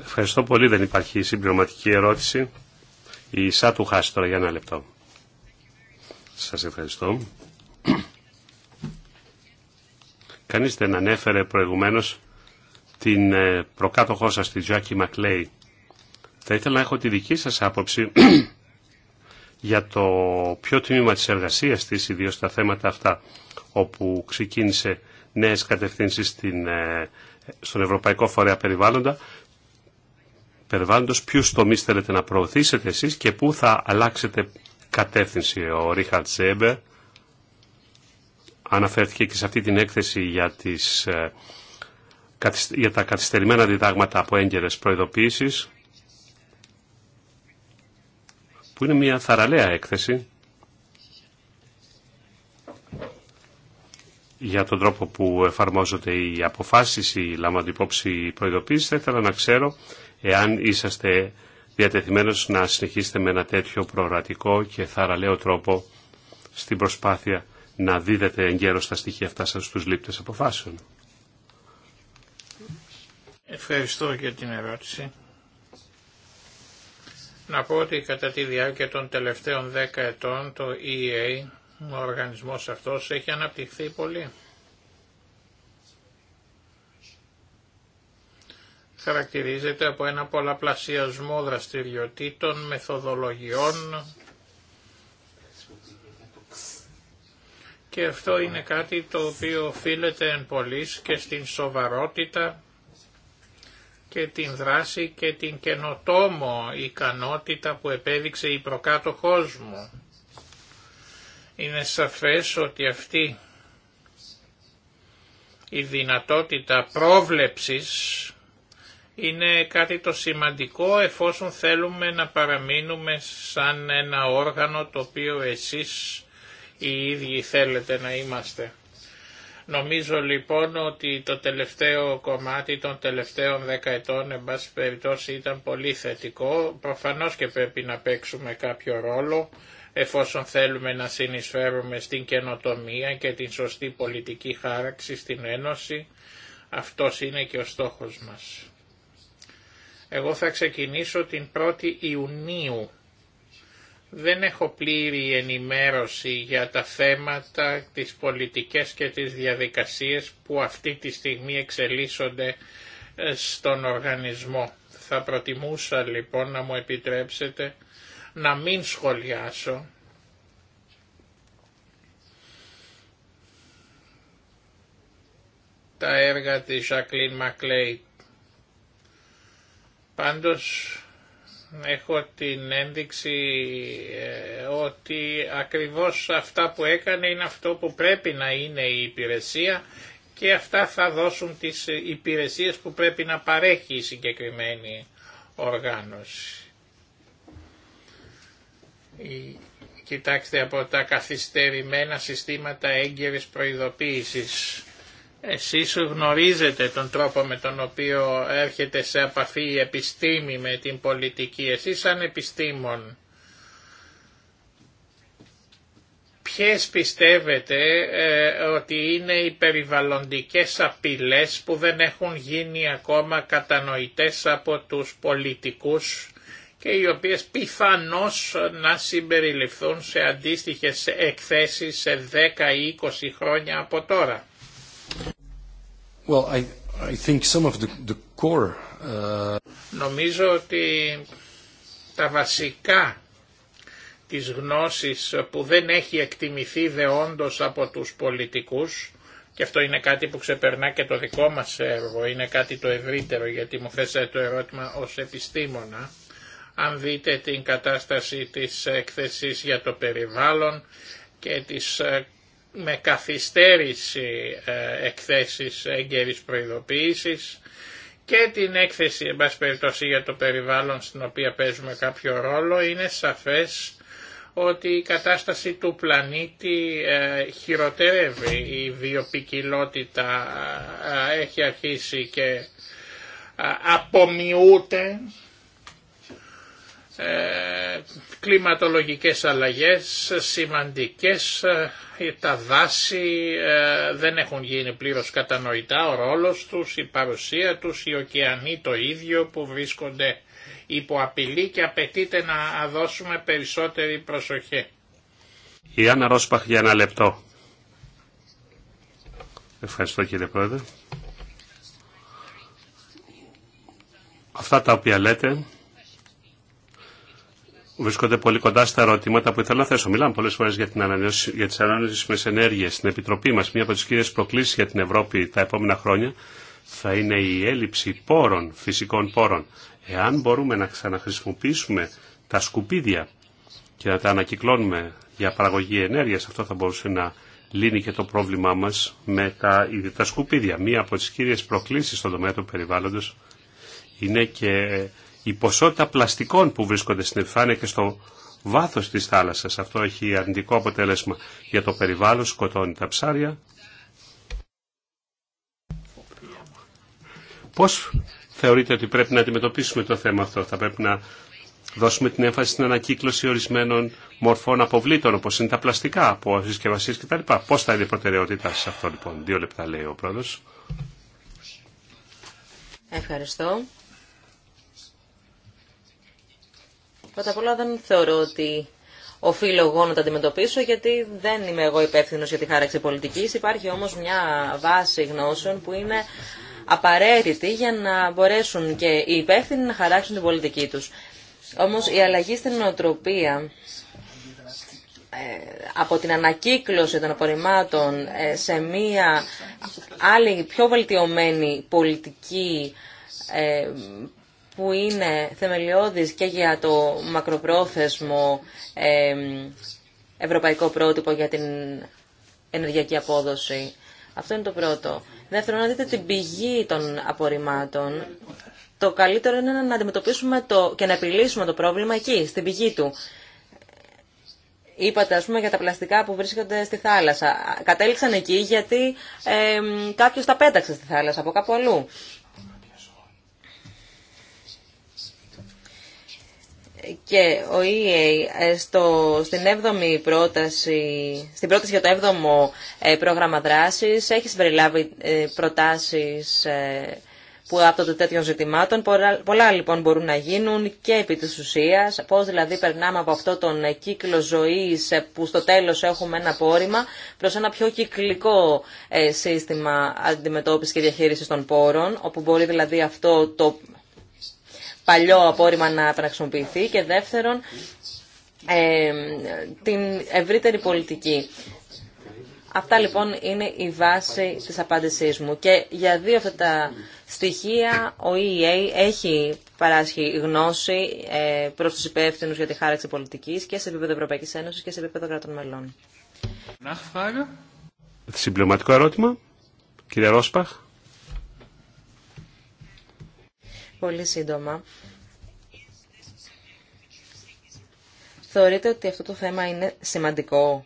Ευχαριστώ πολύ. Δεν υπάρχει συμπληρωματική ερώτηση. Η Σάτου χάσει τώρα για ένα λεπτό. Σας ευχαριστώ. Κανείς δεν ανέφερε προηγουμένως την ε, προκάτοχό σας, τη Τζάκη Μακλέη. Θα ήθελα να έχω τη δική σας άποψη για το ποιο τμήμα της εργασίας της, ιδίω τα θέματα αυτά, όπου ξεκίνησε νέες κατευθύνσεις στην, ε, στον Ευρωπαϊκό Φορέα Περιβάλλοντα, περιβάλλοντος, ποιους τομείς θέλετε να προωθήσετε εσείς και πού θα αλλάξετε κατεύθυνση. Ο Ρίχαρτ Σέμπερ αναφέρθηκε και σε αυτή την έκθεση για, τις, ε, για τα καθυστερημένα διδάγματα από έγκαιρες προειδοποίησεις που είναι μια θαραλέα έκθεση για τον τρόπο που εφαρμόζονται οι αποφάσεις, η λαμβάνονται υπόψη προειδοποίηση. Θα ήθελα να ξέρω εάν είσαστε διατεθειμένος να συνεχίσετε με ένα τέτοιο προορατικό και θαραλέο τρόπο στην προσπάθεια να δίδετε εγκαίρως τα στοιχεία αυτά σας στους λήπτες αποφάσεων. Ευχαριστώ για την ερώτηση. Να πω ότι κατά τη διάρκεια των τελευταίων δέκα ετών το EA, ο οργανισμός αυτός, έχει αναπτυχθεί πολύ. χαρακτηρίζεται από ένα πολλαπλασιασμό δραστηριοτήτων, μεθοδολογιών και αυτό είναι κάτι το οποίο οφείλεται εν πολλής και στην σοβαρότητα και την δράση και την καινοτόμο ικανότητα που επέδειξε η προκάτοχός μου. Είναι σαφές ότι αυτή η δυνατότητα πρόβλεψης είναι κάτι το σημαντικό εφόσον θέλουμε να παραμείνουμε σαν ένα όργανο το οποίο εσείς οι ίδιοι θέλετε να είμαστε. Νομίζω λοιπόν ότι το τελευταίο κομμάτι των τελευταίων δεκαετών εν πάση περιπτώσει ήταν πολύ θετικό. Προφανώς και πρέπει να παίξουμε κάποιο ρόλο εφόσον θέλουμε να συνεισφέρουμε στην καινοτομία και την σωστή πολιτική χάραξη στην Ένωση. Αυτός είναι και ο στόχος μας. Εγώ θα ξεκινήσω την 1η Ιουνίου. Δεν έχω πλήρη ενημέρωση για τα θέματα, τις πολιτικές και τις διαδικασίες που αυτή τη στιγμή εξελίσσονται ε, στον οργανισμό. Θα προτιμούσα λοιπόν να μου επιτρέψετε να μην σχολιάσω τα έργα της Jacqueline Maclay Πάντως έχω την ένδειξη ε, ότι ακριβώς αυτά που έκανε είναι αυτό που πρέπει να είναι η υπηρεσία και αυτά θα δώσουν τις υπηρεσίες που πρέπει να παρέχει η συγκεκριμένη οργάνωση. Κοιτάξτε από τα καθυστερημένα συστήματα έγκαιρης προειδοποίησης εσείς γνωρίζετε τον τρόπο με τον οποίο έρχεται σε επαφή η επιστήμη με την πολιτική. Εσείς σαν επιστήμον, ποιες πιστεύετε ε, ότι είναι οι περιβαλλοντικές απειλές που δεν έχουν γίνει ακόμα κατανοητές από τους πολιτικούς και οι οποίες πιθανώς να συμπεριληφθούν σε αντίστοιχες εκθέσεις σε 10 ή 20 χρόνια από τώρα. Νομίζω ότι τα βασικά της γνώσης που δεν έχει εκτιμηθεί δεόντως από τους πολιτικούς και αυτό είναι κάτι που ξεπερνά και το δικό μας έργο, είναι κάτι το ευρύτερο γιατί μου θέσατε το ερώτημα ως επιστήμονα. Αν δείτε την κατάσταση της έκθεσης για το περιβάλλον και της ε, με καθυστέρηση ε, εκθέσεις έγκαιρης προειδοποίησης και την έκθεση εν πάση περιπτώσει για το περιβάλλον στην οποία παίζουμε κάποιο ρόλο είναι σαφές ότι η κατάσταση του πλανήτη ε, χειροτερεύει. Η βιοπικιλότητα ε, έχει αρχίσει και απομειούται ε, κλιματολογικές αλλαγές σημαντικές, ε, τα δάση ε, δεν έχουν γίνει πλήρως κατανοητά, ο ρόλος τους, η παρουσία τους, οι ωκεανοί το ίδιο που βρίσκονται υπό απειλή και απαιτείται να δώσουμε περισσότερη προσοχή. Η Άννα Ρόσπαχ για ένα λεπτό. Ευχαριστώ κύριε Πρόεδρε. Αυτά τα οποία λέτε βρίσκονται πολύ κοντά στα ερωτήματα που ήθελα να θέσω. Μιλάμε πολλέ φορέ για, την για τι ανανεώσιμε ενέργειε στην Επιτροπή μα. Μία από τι κύριε προκλήσει για την Ευρώπη τα επόμενα χρόνια θα είναι η έλλειψη πόρων, φυσικών πόρων. Εάν μπορούμε να ξαναχρησιμοποιήσουμε τα σκουπίδια και να τα ανακυκλώνουμε για παραγωγή ενέργεια, αυτό θα μπορούσε να λύνει και το πρόβλημά μα με τα, τα σκουπίδια. Μία από τι κύριε προκλήσει στον τομέα του περιβάλλοντο είναι και η ποσότητα πλαστικών που βρίσκονται στην επιφάνεια και στο βάθος της θάλασσας. Αυτό έχει αρνητικό αποτέλεσμα για το περιβάλλον, σκοτώνει τα ψάρια. Πώς θεωρείτε ότι πρέπει να αντιμετωπίσουμε το θέμα αυτό. Θα πρέπει να δώσουμε την έμφαση στην ανακύκλωση ορισμένων μορφών αποβλήτων, όπως είναι τα πλαστικά, από συσκευασίες κτλ. Πώς θα είναι η προτεραιότητά σε αυτό λοιπόν. Δύο λεπτά λέει ο πρόεδρος. Ευχαριστώ. Πρώτα απ' όλα δεν θεωρώ ότι οφείλω εγώ να τα αντιμετωπίσω γιατί δεν είμαι εγώ υπεύθυνο για τη χάραξη πολιτικής. Υπάρχει όμως μια βάση γνώσεων που είναι απαραίτητη για να μπορέσουν και οι υπεύθυνοι να χαράξουν την πολιτική τους. Όμως η αλλαγή στην νοοτροπία ε, από την ανακύκλωση των απορριμμάτων ε, σε μία άλλη πιο βελτιωμένη πολιτική ε, που είναι θεμελιώδης και για το μακροπρόθεσμο ευρωπαϊκό πρότυπο για την ενεργειακή απόδοση. Αυτό είναι το πρώτο. Δεύτερον, να δείτε την πηγή των απορριμμάτων. Το καλύτερο είναι να αντιμετωπίσουμε το, και να επιλύσουμε το πρόβλημα εκεί, στην πηγή του. Είπατε, ας πούμε, για τα πλαστικά που βρίσκονται στη θάλασσα. Κατέληξαν εκεί γιατί ε, κάποιος τα πέταξε στη θάλασσα από κάπου αλλού. και ο EA ε, στο, στην 7η πρόταση, στην πρόταση για το 7ο ε, πρόγραμμα δράσης έχει συμπεριλάβει ε, προτάσεις που το τέτοιων ζητημάτων. Πολλά, πολλά λοιπόν μπορούν να γίνουν και επί της ουσίας. Πώς δηλαδή περνάμε από αυτό τον κύκλο ζωής που στο τέλος έχουμε ένα πόρημα προς ένα πιο κυκλικό σύστημα αντιμετώπισης και διαχείρισης των πόρων, όπου μπορεί δηλαδή αυτό το παλιό απόρριμα να χρησιμοποιηθεί και δεύτερον ε, την ευρύτερη πολιτική. Αυτά λοιπόν είναι η βάση της απάντησής μου. Και για δύο αυτά τα στοιχεία ο EEA έχει παράσχει γνώση ε, προς τους υπεύθυνους για τη χάραξη πολιτικής και σε επίπεδο Ευρωπαϊκής Ένωσης και σε επίπεδο κρατών μελών. Συμπληρωματικό ερώτημα, κύριε Ρόσπαχ. πολύ σύντομα. Θεωρείτε ότι αυτό το θέμα είναι σημαντικό.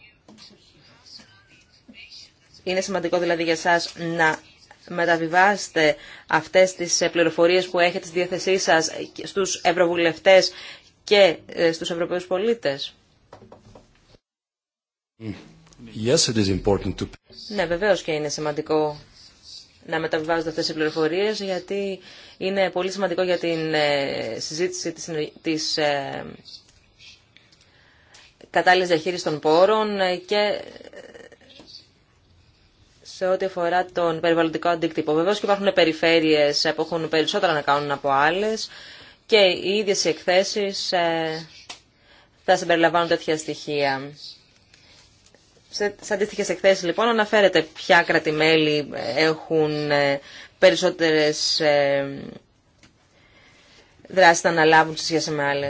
Είναι σημαντικό δηλαδή για σας να μεταβιβάσετε αυτές τις πληροφορίες που έχετε στη διάθεσή σας στους ευρωβουλευτές και ε, στους ευρωπαίους πολίτες. Ναι, βεβαίως και είναι σημαντικό να μεταβιβάζονται αυτές οι πληροφορίες γιατί είναι πολύ σημαντικό για την ε, συζήτηση της, της ε, κατάλληλης διαχείρισης των πόρων ε, και ε, σε ό,τι αφορά τον περιβαλλοντικό αντίκτυπο. Βεβαίω και υπάρχουν περιφέρειες που έχουν περισσότερα να κάνουν από άλλες και οι ίδιες οι εκθέσεις θα συμπεριλαμβάνουν τέτοια στοιχεία. Σε αντίστοιχε εκθέσει λοιπόν αναφέρεται ποια κρατημέλη έχουν ε, περισσότερες ε, δράσει να αναλάβουν σε σχέση με άλλε.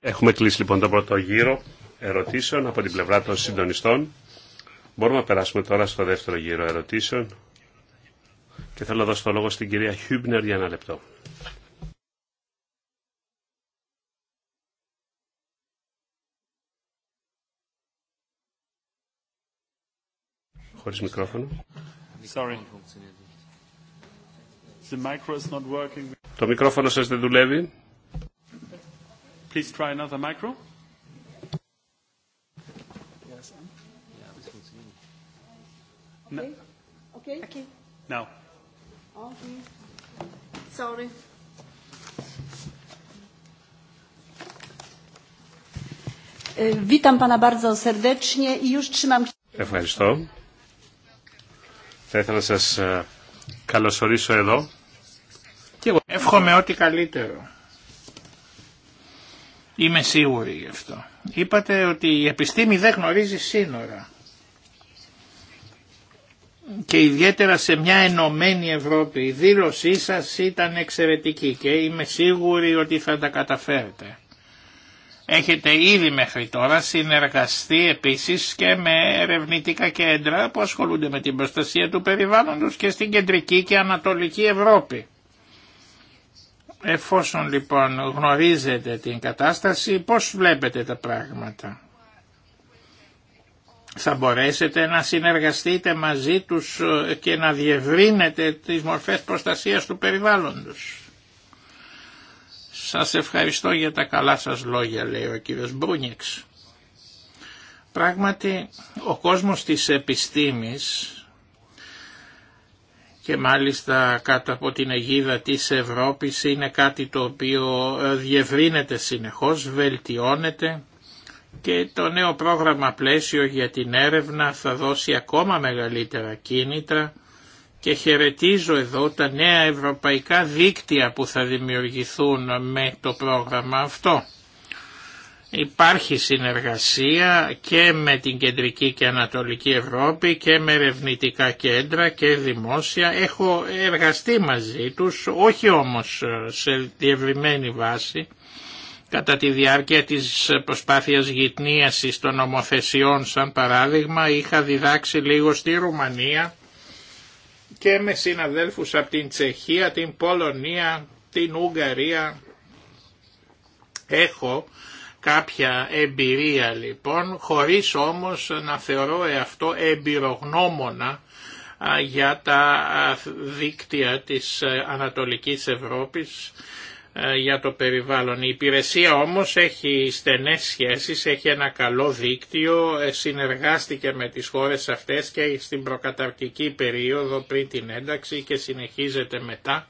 Έχουμε κλείσει λοιπόν τον πρώτο γύρο ερωτήσεων από την πλευρά των συντονιστών. Μπορούμε να περάσουμε τώρα στο δεύτερο γύρο ερωτήσεων και θέλω να δώσω το λόγο στην κυρία Χιούμπνερ για ένα λεπτό. χωρίς μικρόφωνο. Sorry. The micro is not working. Το μικρόφωνο σας δεν δουλεύει. Please try another micro. Okay. Okay. Okay. Now. Okay. Sorry. Witam pana bardzo serdecznie i już trzymam Ευχαριστώ. Θα ήθελα να σας ε, καλωσορίσω εδώ. Και εγώ εύχομαι ό,τι καλύτερο. Είμαι σίγουρη γι' αυτό. Είπατε ότι η επιστήμη δεν γνωρίζει σύνορα. Και ιδιαίτερα σε μια ενωμένη Ευρώπη η δήλωσή σας ήταν εξαιρετική και είμαι σίγουρη ότι θα τα καταφέρετε. Έχετε ήδη μέχρι τώρα συνεργαστεί επίσης και με ερευνητικά κέντρα που ασχολούνται με την προστασία του περιβάλλοντος και στην κεντρική και ανατολική Ευρώπη. Εφόσον λοιπόν γνωρίζετε την κατάσταση, πώς βλέπετε τα πράγματα. Θα μπορέσετε να συνεργαστείτε μαζί τους ε, και να διευρύνετε τις μορφές προστασίας του περιβάλλοντος. Σας ευχαριστώ για τα καλά σας λόγια, λέει ο κύριος Μπρούνιξ. Πράγματι, ο κόσμος της επιστήμης και μάλιστα κάτω από την αιγίδα της Ευρώπης είναι κάτι το οποίο ε, διευρύνεται συνεχώς, βελτιώνεται και το νέο πρόγραμμα πλαίσιο για την έρευνα θα δώσει ακόμα μεγαλύτερα κίνητρα και χαιρετίζω εδώ τα νέα ευρωπαϊκά δίκτυα που θα δημιουργηθούν με το πρόγραμμα αυτό. Υπάρχει συνεργασία και με την Κεντρική και Ανατολική Ευρώπη και με ερευνητικά κέντρα και δημόσια. Έχω εργαστεί μαζί τους, όχι όμως σε διευρυμένη βάση, κατά τη διάρκεια της προσπάθειας γυτνίασης των νομοθεσιών σαν παράδειγμα είχα διδάξει λίγο στη Ρουμανία και με συναδέλφους από την Τσεχία, την Πολωνία, την Ουγγαρία. Έχω κάποια εμπειρία λοιπόν, χωρίς όμως να θεωρώ αυτό εμπειρογνώμονα για τα δίκτυα της ε, Ανατολικής Ευρώπης ε, για το περιβάλλον. Η υπηρεσία όμως έχει στενές σχέσεις, έχει ένα καλό δίκτυο, ε, συνεργάστηκε με τις χώρες αυτές και στην προκαταρκτική περίοδο πριν την ένταξη και συνεχίζεται μετά.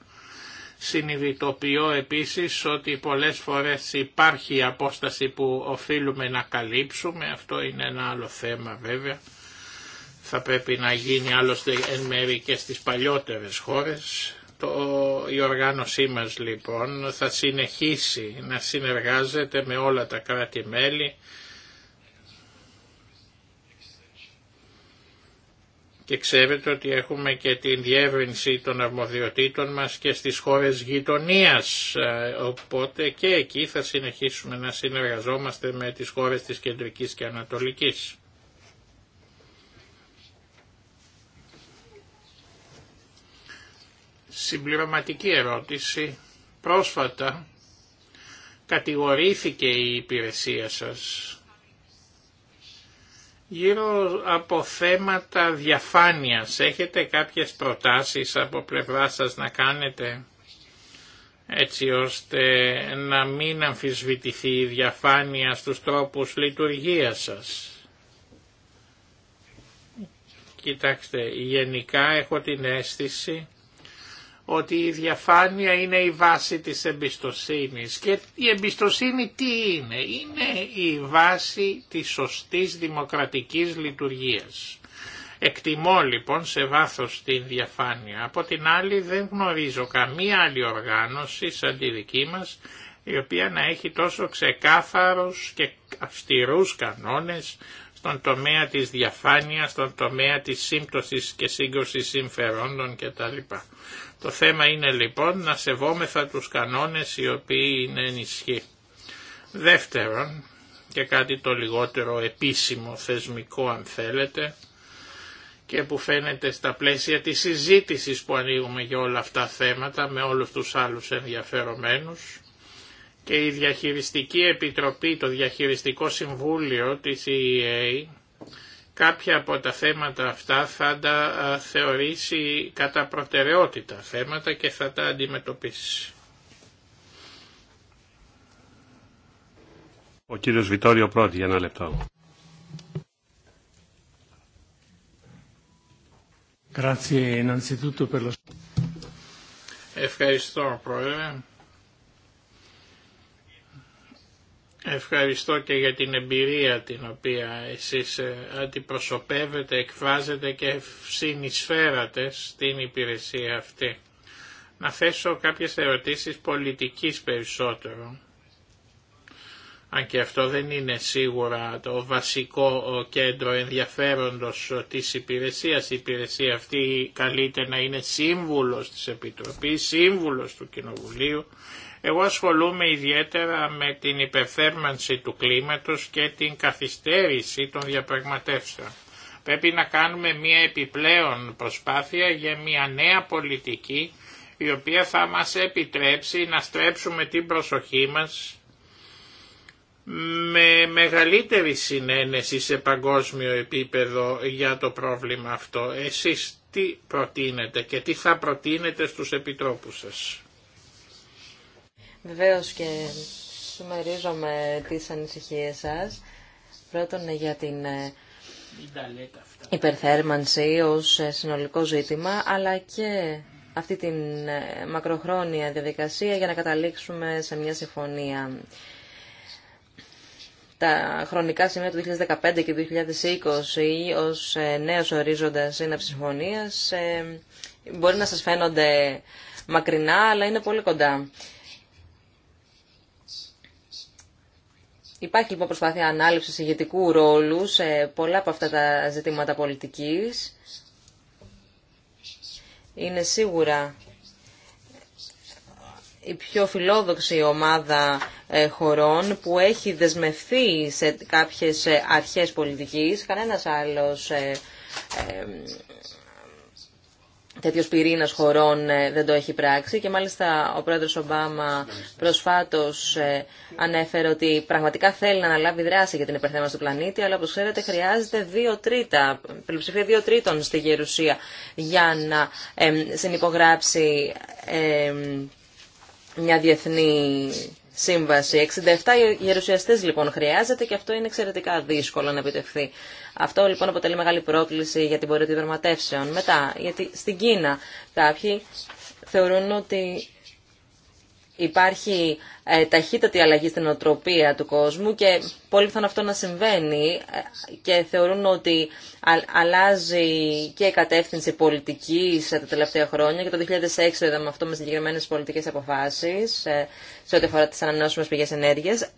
Συνειδητοποιώ επίσης ότι πολλές φορές υπάρχει απόσταση που οφείλουμε να καλύψουμε, αυτό είναι ένα άλλο θέμα βέβαια. Θα πρέπει να γίνει άλλωστε εν μέρη και στις παλιότερες χώρες, το, η οργάνωσή μας λοιπόν θα συνεχίσει να συνεργάζεται με όλα τα κράτη-μέλη και ξέρετε ότι έχουμε και την διεύρυνση των αρμοδιοτήτων μας και στις χώρες γειτονίας, ε, οπότε και εκεί θα συνεχίσουμε να συνεργαζόμαστε με τις χώρες της Κεντρικής και Ανατολικής. Συμπληρωματική ερώτηση. Πρόσφατα κατηγορήθηκε η υπηρεσία σας γύρω από θέματα διαφάνειας. Έχετε κάποιες προτάσεις από πλευρά σας να κάνετε έτσι ώστε να μην αμφισβητηθεί η διαφάνεια στους τρόπους λειτουργίας σας. Κοιτάξτε, γενικά έχω την αίσθηση ότι η διαφάνεια είναι η βάση της εμπιστοσύνης. Και η εμπιστοσύνη τι είναι. Είναι η βάση της σωστής δημοκρατικής λειτουργίας. Εκτιμώ λοιπόν σε βάθος την διαφάνεια. Από την άλλη δεν γνωρίζω καμία άλλη οργάνωση σαν τη δική μας η οποία να έχει τόσο ξεκάθαρους και αυστηρούς κανόνες στον τομέα της διαφάνειας, στον τομέα της σύμπτωσης και σύγκρουσης συμφερόντων κτλ. Το θέμα είναι λοιπόν να σεβόμεθα τους κανόνες οι οποίοι είναι ενισχύ. Δεύτερον, και κάτι το λιγότερο επίσημο θεσμικό αν θέλετε, και που φαίνεται στα πλαίσια της συζήτησης που ανοίγουμε για όλα αυτά θέματα με όλους τους άλλους ενδιαφερομένους και η Διαχειριστική Επιτροπή, το Διαχειριστικό Συμβούλιο της EEA ΕΕ κάποια από τα θέματα αυτά θα τα θεωρήσει κατά προτεραιότητα θέματα και θα τα αντιμετωπίσει. Ο κύριος Βιτόριο πρώτη για ένα λεπτό. Ευχαριστώ Πρόεδρε. Ευχαριστώ και για την εμπειρία την οποία εσείς ε, αντιπροσωπεύετε, εκφράζετε και συνεισφέρατε στην υπηρεσία αυτή. Να θέσω κάποιες ερωτήσεις πολιτικής περισσότερο. Αν και αυτό δεν είναι σίγουρα το βασικό κέντρο ενδιαφέροντος της υπηρεσίας. Η υπηρεσία αυτή καλείται να είναι σύμβουλος της Επιτροπής, σύμβουλος του Κοινοβουλίου εγώ ασχολούμαι ιδιαίτερα με την υπερθέρμανση του κλίματος και την καθυστέρηση των διαπραγματεύσεων. Πρέπει να κάνουμε μια επιπλέον προσπάθεια για μια νέα πολιτική η οποία θα μας επιτρέψει να στρέψουμε την προσοχή μας με μεγαλύτερη συνένεση σε παγκόσμιο επίπεδο για το πρόβλημα αυτό. Εσείς τι προτείνετε και τι θα προτείνετε στους επιτρόπους σας. Βεβαίω και συμμερίζομαι τις ανησυχίες σας. Πρώτον για την ε, υπερθέρμανση ως ε, συνολικό ζήτημα, αλλά και αυτή την ε, μακροχρόνια διαδικασία για να καταλήξουμε σε μια συμφωνία. Τα χρονικά σημεία του 2015 και του 2020 ως νέος ορίζοντας είναι συμφωνίας μπορεί να σας φαίνονται μακρινά, αλλά είναι πολύ κοντά. Υπάρχει λοιπόν προσπάθεια ανάληψη ηγετικού ρόλου σε πολλά από αυτά τα ζητήματα πολιτικής. Είναι σίγουρα η πιο φιλόδοξη ομάδα ε, χωρών που έχει δεσμευθεί σε κάποιες ε, αρχές πολιτικής. Κανένας άλλος ε, τέτοιο πυρήνα χωρών ε, δεν το έχει πράξει και μάλιστα ο πρόεδρος Ομπάμα προσφάτως ε, ανέφερε ότι πραγματικά θέλει να αναλάβει δράση για την υπερθέμαση του πλανήτη αλλά όπω ξέρετε χρειάζεται δύο τρίτα, πλειοψηφία δύο τρίτων στη Γερουσία για να συνυπογράψει μια διεθνή σύμβαση. 67 γερουσιαστές λοιπόν χρειάζεται και αυτό είναι εξαιρετικά δύσκολο να επιτευχθεί. Αυτό λοιπόν αποτελεί μεγάλη πρόκληση για την πορεία των διαπραγματεύσεων. Μετά, γιατί στην Κίνα κάποιοι θεωρούν ότι Υπάρχει ε, ταχύτατη αλλαγή στην οτροπία του κόσμου και πολύ πιθανό αυτό να συμβαίνει ε, και θεωρούν ότι αλλάζει και η κατεύθυνση σε τα τελευταία χρόνια και το 2006 είδαμε αυτό με συγκεκριμένε πολιτικές αποφάσεις ε, σε ό,τι αφορά τι ανανεώσιμε πηγές ενέργειας.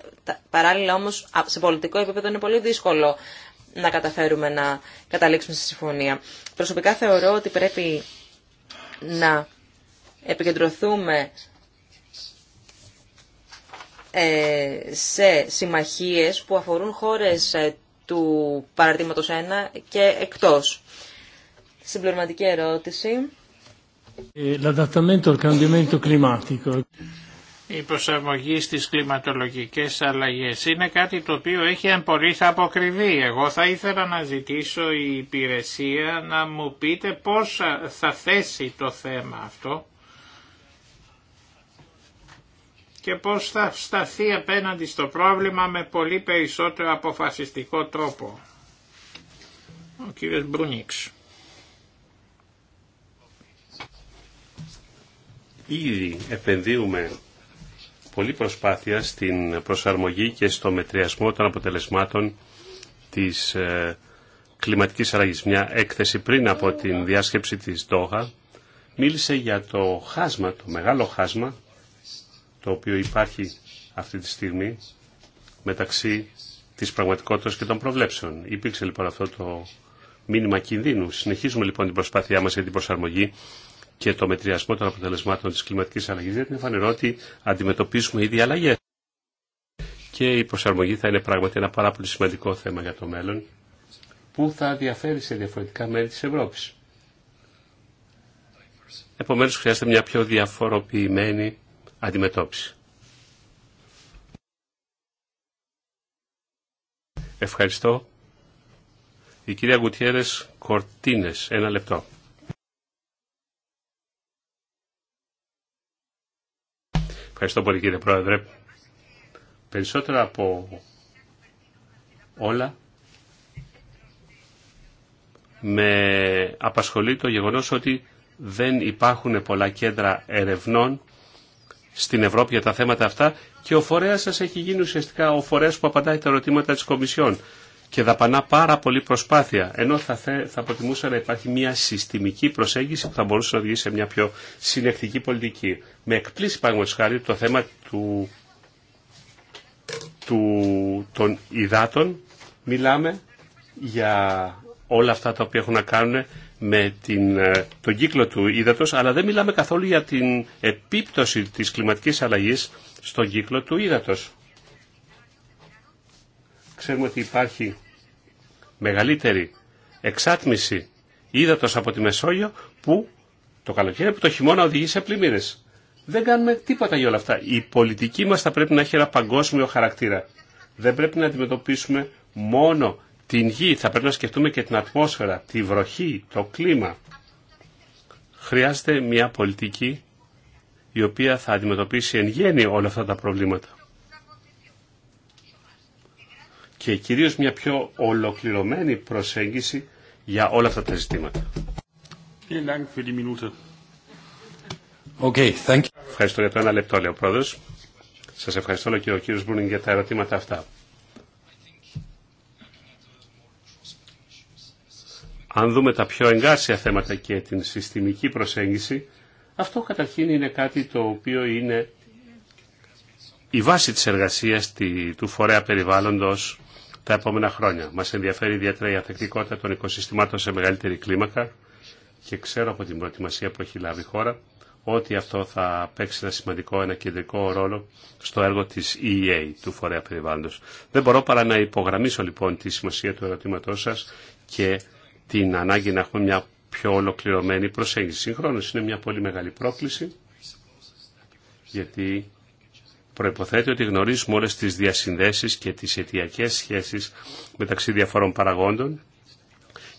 Παράλληλα όμως σε πολιτικό επίπεδο είναι πολύ δύσκολο να καταφέρουμε να καταλήξουμε στη συμφωνία. Προσωπικά θεωρώ ότι πρέπει να επικεντρωθούμε ε, σε συμμαχίες που αφορούν χώρες ε, του παραδείγματος 1 και εκτός. Συμπληρωματική ερώτηση. Ε, η προσαρμογή στις κλιματολογικές αλλαγές είναι κάτι το οποίο έχει πολύ θα αποκριβεί. Εγώ θα ήθελα να ζητήσω η υπηρεσία να μου πείτε πώς θα θέσει το θέμα αυτό και πως θα σταθεί απέναντι στο πρόβλημα με πολύ περισσότερο αποφασιστικό τρόπο. Ο κύριος Μπρούνιξ. Ήδη επενδύουμε πολύ προσπάθεια στην προσαρμογή και στο μετριασμό των αποτελεσμάτων της ε, κλιματικής αλλαγής. Μια έκθεση πριν από την διάσκεψη της Δόχα μίλησε για το χάσμα, το μεγάλο χάσμα το οποίο υπάρχει αυτή τη στιγμή μεταξύ της πραγματικότητας και των προβλέψεων. Υπήρξε λοιπόν αυτό το μήνυμα κινδύνου. Συνεχίζουμε λοιπόν την προσπάθειά μας για την προσαρμογή και το μετριασμό των αποτελεσμάτων της κλιματικής αλλαγής, γιατί είναι φανερό ότι αντιμετωπίσουμε ήδη αλλαγές. Και η προσαρμογή θα είναι πράγματι ένα πάρα πολύ σημαντικό θέμα για το μέλλον, που θα διαφέρει σε διαφορετικά μέρη της Ευρώπης. Επομένως χρειάζεται μια πιο διαφοροποιημένη αντιμετώπιση. Ευχαριστώ. Η κυρία Γουτιέρες Κορτίνες, ένα λεπτό. Ευχαριστώ πολύ κύριε Πρόεδρε. Περισσότερα από όλα με απασχολεί το γεγονός ότι δεν υπάρχουν πολλά κέντρα ερευνών στην Ευρώπη για τα θέματα αυτά και ο φορέας σας έχει γίνει ουσιαστικά ο φορέας που απαντάει τα ερωτήματα της Κομισιόν και δαπανά πάρα πολύ προσπάθεια, ενώ θα, θε, θα προτιμούσα να υπάρχει μια συστημική προσέγγιση που θα μπορούσε να οδηγήσει σε μια πιο συνεκτική πολιτική. Με εκπλήσει παραδείγματος χάρη το θέμα του, του, των υδάτων. Μιλάμε για όλα αυτά τα οποία έχουν να κάνουν με την, ε, τον κύκλο του ύδατος, αλλά δεν μιλάμε καθόλου για την επίπτωση της κλιματικής αλλαγής στον κύκλο του ύδατος. Ξέρουμε ότι υπάρχει μεγαλύτερη εξάτμιση ύδατος από τη Μεσόγειο που το καλοκαίρι που το χειμώνα οδηγεί σε πλημμύρες. Δεν κάνουμε τίποτα για όλα αυτά. Η πολιτική μας θα πρέπει να έχει ένα παγκόσμιο χαρακτήρα. Δεν πρέπει να αντιμετωπίσουμε μόνο την γη, θα πρέπει να σκεφτούμε και την ατμόσφαιρα, τη βροχή, το κλίμα. Χρειάζεται μια πολιτική η οποία θα αντιμετωπίσει εν γέννη όλα αυτά τα προβλήματα. Και κυρίως μια πιο ολοκληρωμένη προσέγγιση για όλα αυτά τα ζητήματα. thank you. Ευχαριστώ για το ένα λεπτό, λέει ο πρόεδρος. Σας ευχαριστώ και ο κύριος Μπρούνινγκ για τα ερωτήματα αυτά. Αν δούμε τα πιο εγκάρσια θέματα και την συστημική προσέγγιση, αυτό καταρχήν είναι κάτι το οποίο είναι η βάση της εργασίας του φορέα περιβάλλοντος τα επόμενα χρόνια. Μας ενδιαφέρει ιδιαίτερα η αθεκτικότητα των οικοσυστημάτων σε μεγαλύτερη κλίμακα και ξέρω από την προετοιμασία που έχει λάβει η χώρα ότι αυτό θα παίξει ένα σημαντικό, ένα κεντρικό ρόλο στο έργο της EEA, του Φορέα Περιβάλλοντος. Δεν μπορώ παρά να υπογραμμίσω λοιπόν τη σημασία του ερωτήματός σας και την ανάγκη να έχουμε μια πιο ολοκληρωμένη προσέγγιση. Συγχρόνως είναι μια πολύ μεγάλη πρόκληση γιατί προϋποθέτει ότι γνωρίζουμε όλες τις διασυνδέσεις και τις αιτιακές σχέσεις μεταξύ διαφορών παραγόντων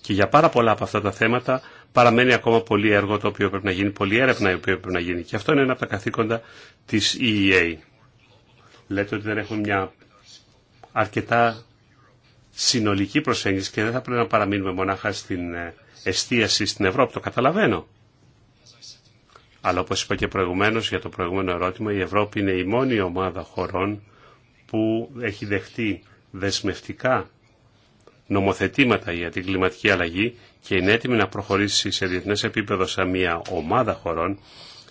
και για πάρα πολλά από αυτά τα θέματα παραμένει ακόμα πολύ έργο το οποίο πρέπει να γίνει, πολύ έρευνα η οποία πρέπει να γίνει και αυτό είναι ένα από τα καθήκοντα της EEA. Λέτε ότι δεν έχουμε μια αρκετά συνολική προσέγγιση και δεν θα πρέπει να παραμείνουμε μονάχα στην ε, εστίαση στην Ευρώπη. Το καταλαβαίνω. Αλλά όπως είπα και προηγουμένως για το προηγούμενο ερώτημα, η Ευρώπη είναι η μόνη ομάδα χωρών που έχει δεχτεί δεσμευτικά νομοθετήματα για την κλιματική αλλαγή και είναι έτοιμη να προχωρήσει σε διεθνές επίπεδο σαν μια ομάδα χωρών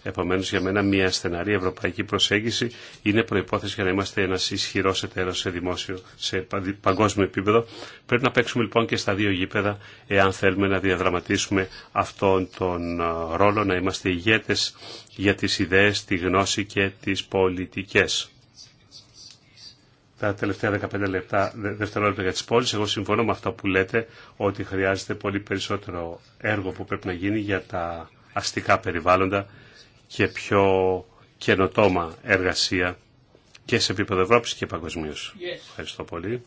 Επομένω, για μένα μια στεναρή ευρωπαϊκή προσέγγιση είναι προπόθεση για να είμαστε ένα ισχυρό εταίρο σε δημόσιο, σε παγκόσμιο επίπεδο. Πρέπει να παίξουμε λοιπόν και στα δύο γήπεδα εάν θέλουμε να διαδραματίσουμε αυτόν τον ρόλο, να είμαστε ηγέτες για τι ιδέε, τη γνώση και τι πολιτικέ. τα τελευταία 15 λεπτά, δευτερόλεπτα για τι πόλεις. Εγώ συμφωνώ με αυτό που λέτε ότι χρειάζεται πολύ περισσότερο έργο που πρέπει να γίνει για τα αστικά περιβάλλοντα και πιο καινοτόμα εργασία και σε επίπεδο Ευρώπης και παγκοσμίω. Yes. Ευχαριστώ πολύ.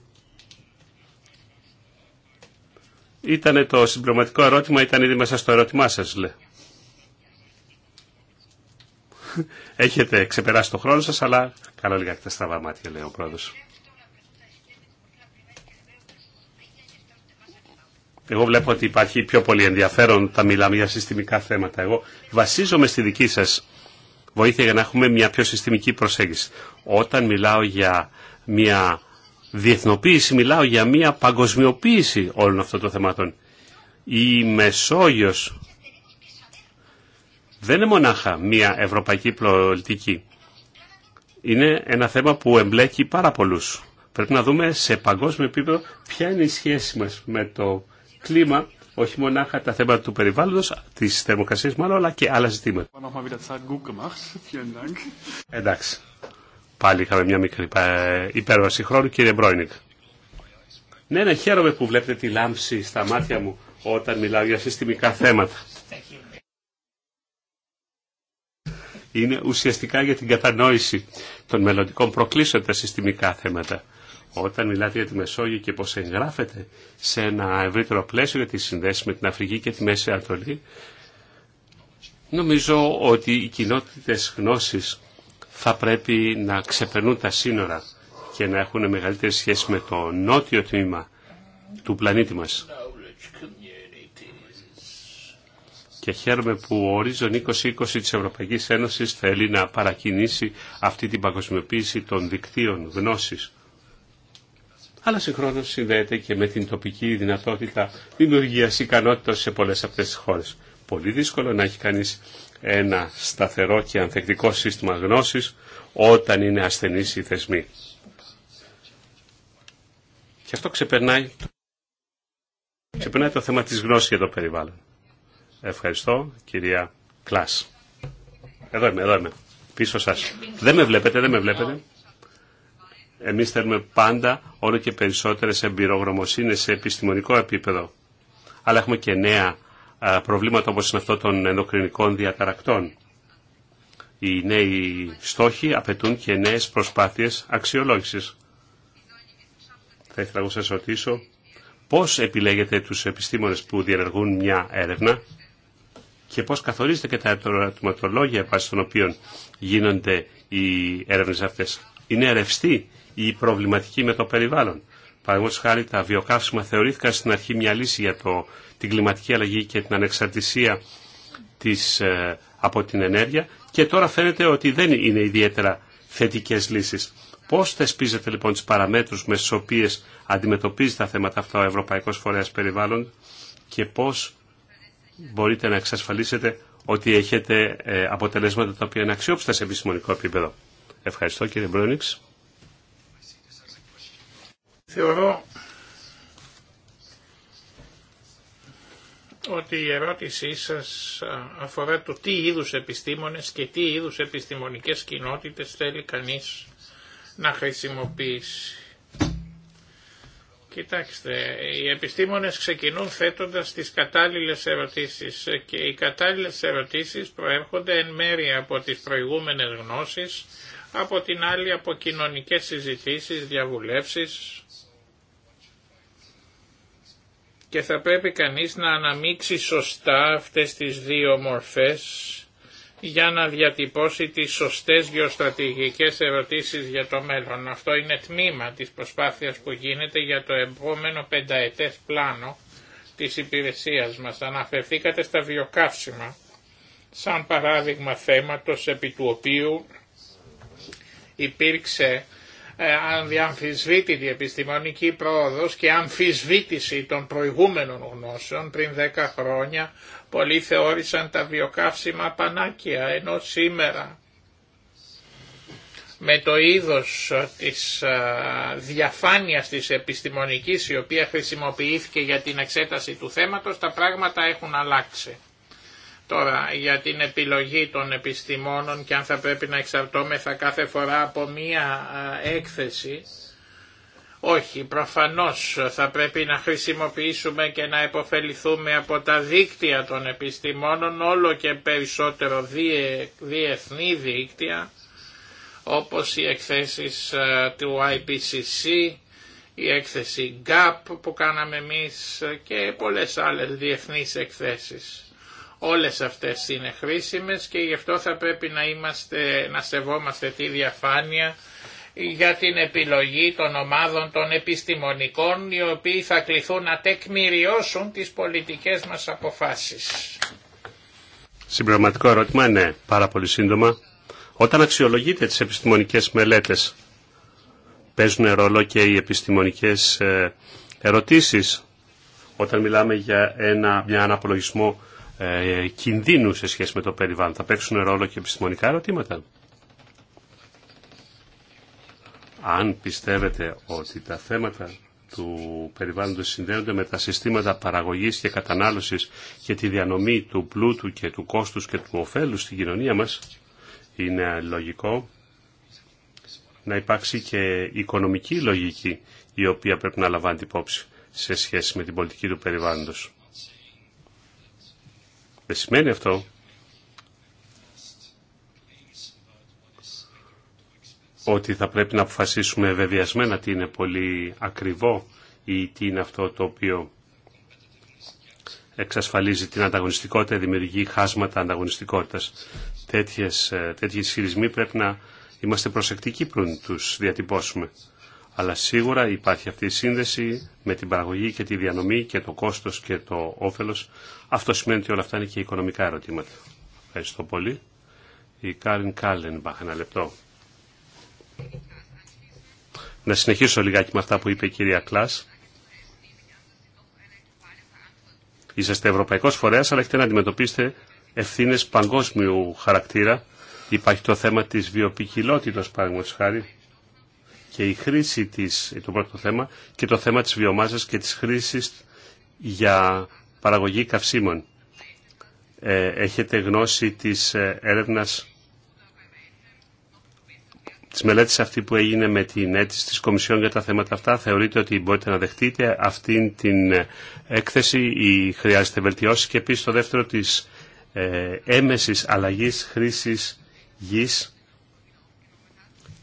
Ήταν το συμπληρωματικό ερώτημα, ήταν ήδη μέσα στο ερώτημά σας, λέει. Έχετε ξεπεράσει το χρόνο σας, αλλά καλά λίγα τα στραβά μάτια, λέει ο πρόεδρος. Εγώ βλέπω ότι υπάρχει πιο πολύ ενδιαφέρον τα μιλάμε για συστημικά θέματα. Εγώ βασίζομαι στη δική σας βοήθεια για να έχουμε μια πιο συστημική προσέγγιση. Όταν μιλάω για μια διεθνοποίηση, μιλάω για μια παγκοσμιοποίηση όλων αυτών των θεμάτων. Η Μεσόγειος δεν είναι μονάχα μια ευρωπαϊκή πολιτική. Είναι ένα θέμα που εμπλέκει πάρα πολλούς. Πρέπει να δούμε σε παγκόσμιο επίπεδο ποια είναι η σχέση μας με το κλίμα, όχι μονάχα τα θέματα του περιβάλλοντος, της θερμοκρασίας μάλλον, αλλά και άλλα ζητήματα. Εντάξει. Πάλι είχαμε μια μικρή ε, υπέρβαση χρόνου, κύριε Μπρόινικ. Ναι, ναι, χαίρομαι που βλέπετε τη λάμψη στα μάτια μου όταν μιλάω για συστημικά θέματα. Είναι ουσιαστικά για την κατανόηση των μελλοντικών προκλήσεων τα συστημικά θέματα. Όταν μιλάτε για τη Μεσόγειο και πώς εγγράφεται σε ένα ευρύτερο πλαίσιο για τη συνδέση με την Αφρική και τη Μέση Ανατολή, νομίζω ότι οι κοινότητες γνώσης θα πρέπει να ξεπερνούν τα σύνορα και να έχουν μεγαλύτερη σχέση με το νότιο τμήμα του πλανήτη μας. Και χαίρομαι που ο ορίζον 2020 της Ευρωπαϊκής Ένωσης θέλει να παρακινήσει αυτή την παγκοσμιοποίηση των δικτύων γνώσης αλλά συγχρόνως συνδέεται και με την τοπική δυνατότητα δημιουργίας ικανότητας σε πολλές αυτές τις χώρες. Πολύ δύσκολο να έχει κανείς ένα σταθερό και ανθεκτικό σύστημα γνώσης όταν είναι ασθενείς οι θεσμοί. Και αυτό ξεπερνάει, ξεπερνάει το θέμα της γνώσης για το περιβάλλον. Ευχαριστώ, κυρία Κλάς. Εδώ είμαι, εδώ είμαι. Πίσω σας. Δεν με βλέπετε, δεν με βλέπετε. Εμείς θέλουμε πάντα όλο και περισσότερες εμπειρογνωμοσύνες σε επιστημονικό επίπεδο. Αλλά έχουμε και νέα προβλήματα όπως είναι αυτό των ενδοκρινικών διαταρακτών. Οι νέοι στόχοι απαιτούν και νέες προσπάθειες αξιολόγησης. Θα ήθελα να σας ρωτήσω πώς επιλέγετε τους επιστήμονες που διενεργούν μια έρευνα και πώς καθορίζετε και τα ερωτηματολόγια βάσει των οποίων γίνονται οι έρευνες αυτές. Είναι ρευστή η προβληματική με το περιβάλλον. Παραδείγματο χάρη, τα βιοκαύσιμα θεωρήθηκαν στην αρχή μια λύση για το, την κλιματική αλλαγή και την ανεξαρτησία της, ε, από την ενέργεια και τώρα φαίνεται ότι δεν είναι ιδιαίτερα θετικέ λύσει. Πώ θεσπίζετε λοιπόν τι παραμέτρου με τι οποίε αντιμετωπίζει τα θέματα αυτά ο Ευρωπαϊκό Φορέα Περιβάλλον και πώ μπορείτε να εξασφαλίσετε ότι έχετε ε, αποτελέσματα τα οποία είναι αξιόπιστα σε επιστημονικό επίπεδο. Ευχαριστώ κύριε Μπρόνιξ. Θεωρώ ότι η ερώτησή σας αφορά το τι είδους επιστήμονες και τι είδους επιστημονικές κοινότητες θέλει κανείς να χρησιμοποιήσει. Κοιτάξτε, οι επιστήμονες ξεκινούν θέτοντας τις κατάλληλες ερωτήσεις και οι κατάλληλες ερωτήσεις προέρχονται εν μέρει από τις προηγούμενες γνώσεις, από την άλλη από κοινωνικές συζητήσεις, διαβουλεύσεις, και θα πρέπει κανείς να αναμίξει σωστά αυτές τις δύο μορφές για να διατυπώσει τις σωστές γεωστρατηγικές ερωτήσεις για το μέλλον. Αυτό είναι τμήμα της προσπάθειας που γίνεται για το επόμενο πενταετές πλάνο της υπηρεσίας μας. Αναφερθήκατε στα βιοκαύσιμα, σαν παράδειγμα θέματος επί του οποίου υπήρξε ε, διαμφισβήτητη επιστημονική πρόοδος και αμφισβήτηση των προηγούμενων γνώσεων πριν 10 χρόνια πολλοί θεώρησαν τα βιοκαύσιμα πανάκια ενώ σήμερα με το είδος της διαφάνειας της επιστημονικής η οποία χρησιμοποιήθηκε για την εξέταση του θέματος τα πράγματα έχουν αλλάξει. Τώρα για την επιλογή των επιστημόνων και αν θα πρέπει να εξαρτώμεθα κάθε φορά από μία έκθεση, όχι, προφανώς θα πρέπει να χρησιμοποιήσουμε και να επωφεληθούμε από τα δίκτυα των επιστημόνων, όλο και περισσότερο διεθνή δίκτυα, όπως οι εκθέσεις του IPCC, η έκθεση GAP που κάναμε εμείς και πολλές άλλες διεθνείς εκθέσεις. Όλες αυτές είναι χρήσιμες και γι' αυτό θα πρέπει να, είμαστε, να σεβόμαστε τη διαφάνεια για την επιλογή των ομάδων των επιστημονικών οι οποίοι θα κληθούν να τεκμηριώσουν τις πολιτικές μας αποφάσεις. Συμπληρωματικό ερώτημα, ναι, πάρα πολύ σύντομα. Όταν αξιολογείτε τις επιστημονικές μελέτες, παίζουν ρόλο και οι επιστημονικές ε, ερωτήσεις. Όταν μιλάμε για ένα, μια αναπολογισμό ε, κινδύνου σε σχέση με το περιβάλλον. Θα παίξουν ρόλο και επιστημονικά ερωτήματα. Αν πιστεύετε ότι τα θέματα του περιβάλλοντος συνδέονται με τα συστήματα παραγωγής και κατανάλωσης και τη διανομή του πλούτου και του κόστους και του ωφέλους στην κοινωνία μας, είναι λογικό να υπάρξει και οικονομική λογική η οποία πρέπει να λαμβάνει υπόψη σε σχέση με την πολιτική του περιβάλλοντος. Δεν σημαίνει αυτό ότι θα πρέπει να αποφασίσουμε βεβαιασμένα τι είναι πολύ ακριβό ή τι είναι αυτό το οποίο εξασφαλίζει την ανταγωνιστικότητα, δημιουργεί χάσματα ανταγωνιστικότητας. Τέτοιες, ε, τέτοιες χειρισμοί πρέπει να είμαστε προσεκτικοί πριν τους διατυπώσουμε αλλά σίγουρα υπάρχει αυτή η σύνδεση με την παραγωγή και τη διανομή και το κόστος και το όφελος. Αυτό σημαίνει ότι όλα αυτά είναι και οικονομικά ερωτήματα. Ευχαριστώ πολύ. Η Κάριν ένα λεπτό. Να συνεχίσω λιγάκι με αυτά που είπε η κυρία Κλάς. Είσαστε ευρωπαϊκός φορέας, αλλά έχετε να αντιμετωπίσετε ευθύνες παγκόσμιου χαρακτήρα. Υπάρχει το θέμα της βιοποικιλότητας, παραδείγματος χάρη, και η χρήση της, το πρώτο θέμα, και το θέμα της βιομάζας και της χρήσης για παραγωγή καυσίμων. Ε, έχετε γνώση της ε, έρευνας της μελέτης αυτή που έγινε με την αίτηση της Κομισιόν για τα θέματα αυτά, θεωρείτε ότι μπορείτε να δεχτείτε αυτήν την ε, έκθεση ή χρειάζεται βελτιώσει και επίσης το δεύτερο της ε, έμεσης αλλαγής χρήσης γης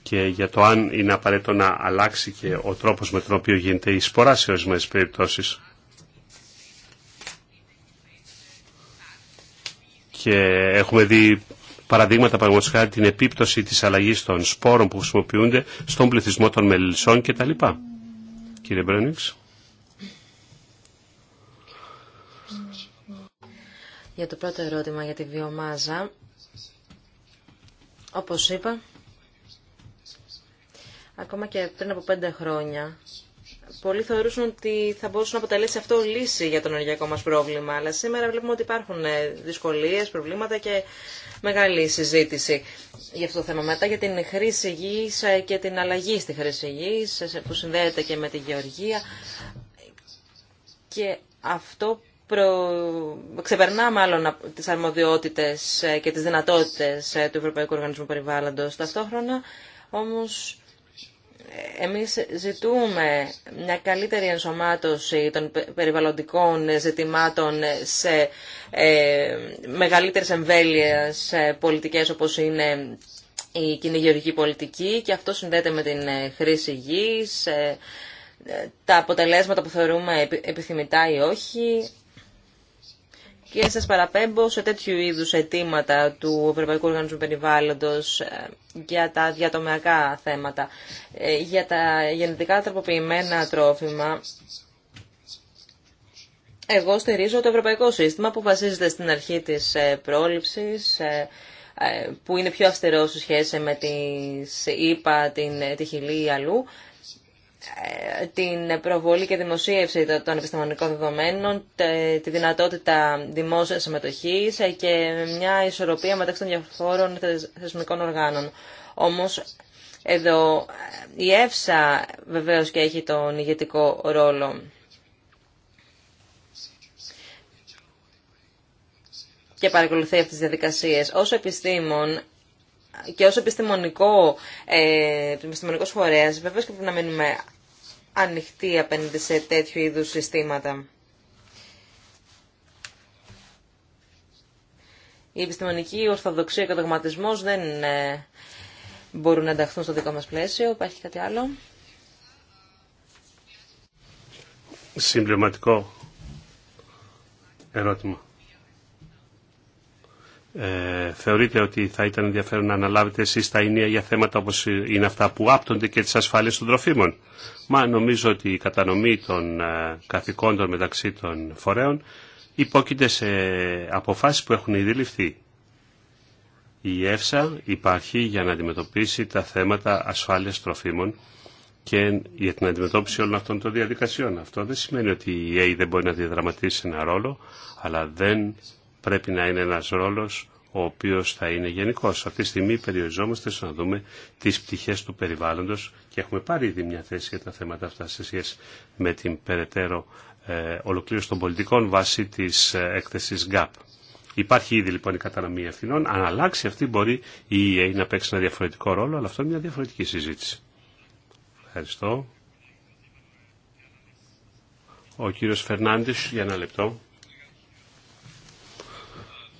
και για το αν είναι απαραίτητο να αλλάξει και ο τρόπος με τον οποίο γίνεται η σπορά σε ορισμένε περιπτώσεις. Και έχουμε δει παραδείγματα παραγωγικά την επίπτωση της αλλαγής των σπόρων που χρησιμοποιούνται στον πληθυσμό των μελισσών κτλ. Κύριε Μπρένιξ. Για το πρώτο ερώτημα για τη βιομάζα, όπως είπα, Ακόμα και πριν από πέντε χρόνια, πολλοί θεωρούσαν ότι θα μπορούσε να αποτελέσει αυτό λύση για το ενεργειακό μας πρόβλημα. Αλλά σήμερα βλέπουμε ότι υπάρχουν ε, δυσκολίες, προβλήματα και μεγάλη συζήτηση για αυτό το θέμα. Μετά για την χρήση γης ε, και την αλλαγή στη χρήση γης ε, που συνδέεται και με τη γεωργία. Και αυτό προ... ξεπερνά μάλλον τις αρμοδιότητες και τις δυνατότητες του Ευρωπαϊκού Οργανισμού Περιβάλλοντο Ταυτόχρονα όμως εμείς ζητούμε μια καλύτερη ενσωμάτωση των περιβαλλοντικών ζητημάτων σε ε, μεγαλύτερες εμβέλειες ε, πολιτικές όπως είναι η κοινή πολιτική και αυτό συνδέεται με την ε, χρήση γης, ε, τα αποτελέσματα που θεωρούμε επιθυμητά ή όχι, και σα παραπέμπω σε τέτοιου είδου αιτήματα του Ευρωπαϊκού Οργανισμού Περιβάλλοντο ε, για τα διατομιακά θέματα. Ε, για τα γενετικά τροποποιημένα τρόφιμα, εγώ στηρίζω το ευρωπαϊκό σύστημα που βασίζεται στην αρχή της ε, πρόληψης, που είναι πιο αυστηρό σε σχέση με τις ΙΠΑ, την, τη Χιλή ή αλλού την προβολή και δημοσίευση των επιστημονικών δεδομένων, τη δυνατότητα δημόσιας συμμετοχής και μια ισορροπία μεταξύ των διαφόρων θεσμικών οργάνων. Όμως, εδώ η ΕΦΣΑ βεβαίως και έχει τον ηγετικό ρόλο. Και παρακολουθεί αυτές τις διαδικασίες. Ως επιστήμον, και ως επιστημονικό, ε, επιστημονικός φορέας βέβαια και πρέπει να μείνουμε ανοιχτοί απέναντι σε τέτοιου είδους συστήματα. Η επιστημονική ορθοδοξία και ο δογματισμός δεν ε, μπορούν να ενταχθούν στο δικό μας πλαίσιο. Υπάρχει κάτι άλλο. Συμπληρωματικό ερώτημα ε, θεωρείτε ότι θα ήταν ενδιαφέρον να αναλάβετε εσεί τα ίνια για θέματα όπω είναι αυτά που άπτονται και τη ασφάλεια των τροφίμων. Μα νομίζω ότι η κατανομή των ε, καθηκόντων μεταξύ των φορέων υπόκειται σε αποφάσει που έχουν ήδη ληφθεί. Η ΕΦΣΑ υπάρχει για να αντιμετωπίσει τα θέματα ασφάλεια τροφίμων και για την αντιμετώπιση όλων αυτών των διαδικασιών. Αυτό δεν σημαίνει ότι η ΕΕ δεν μπορεί να διαδραματίσει ένα ρόλο, αλλά δεν πρέπει να είναι ένας ρόλος ο οποίος θα είναι γενικός. Αυτή τη στιγμή περιοριζόμαστε στο να δούμε τις πτυχές του περιβάλλοντος και έχουμε πάρει ήδη μια θέση για τα θέματα αυτά σε σχέση με την περαιτέρω ε, ολοκλήρωση των πολιτικών βάσει της ε, έκθεσης GAP. Υπάρχει ήδη λοιπόν η κατανομή ευθυνών. Αν αλλάξει αυτή μπορεί η EA ΕΕ να παίξει ένα διαφορετικό ρόλο, αλλά αυτό είναι μια διαφορετική συζήτηση. Ευχαριστώ. Ο κύριος Φερνάντης για ένα λεπτό.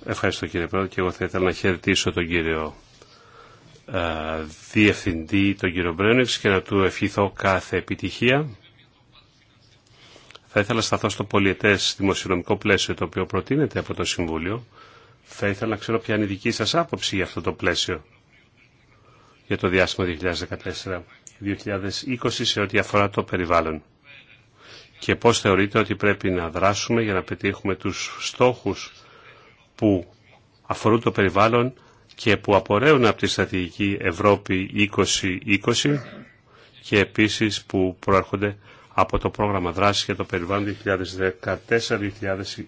Ευχαριστώ κύριε Πρόεδρε και εγώ θα ήθελα να χαιρετήσω τον κύριο α, ε, Διευθυντή, τον κύριο Μπρένεξ και να του ευχηθώ κάθε επιτυχία. Θα ήθελα να σταθώ στο πολιετές δημοσιονομικό πλαίσιο το οποίο προτείνεται από το Συμβούλιο. Θα ήθελα να ξέρω ποια είναι η δική σας άποψη για αυτό το πλαίσιο για το διάστημα 2014-2020 σε ό,τι αφορά το περιβάλλον και πώς θεωρείτε ότι πρέπει να δράσουμε για να πετύχουμε τους στόχους που αφορούν το περιβάλλον και που απορρέουν από τη στρατηγική Ευρώπη 2020 και επίσης που προέρχονται από το πρόγραμμα δράσης για το περιβάλλον 2014-2020.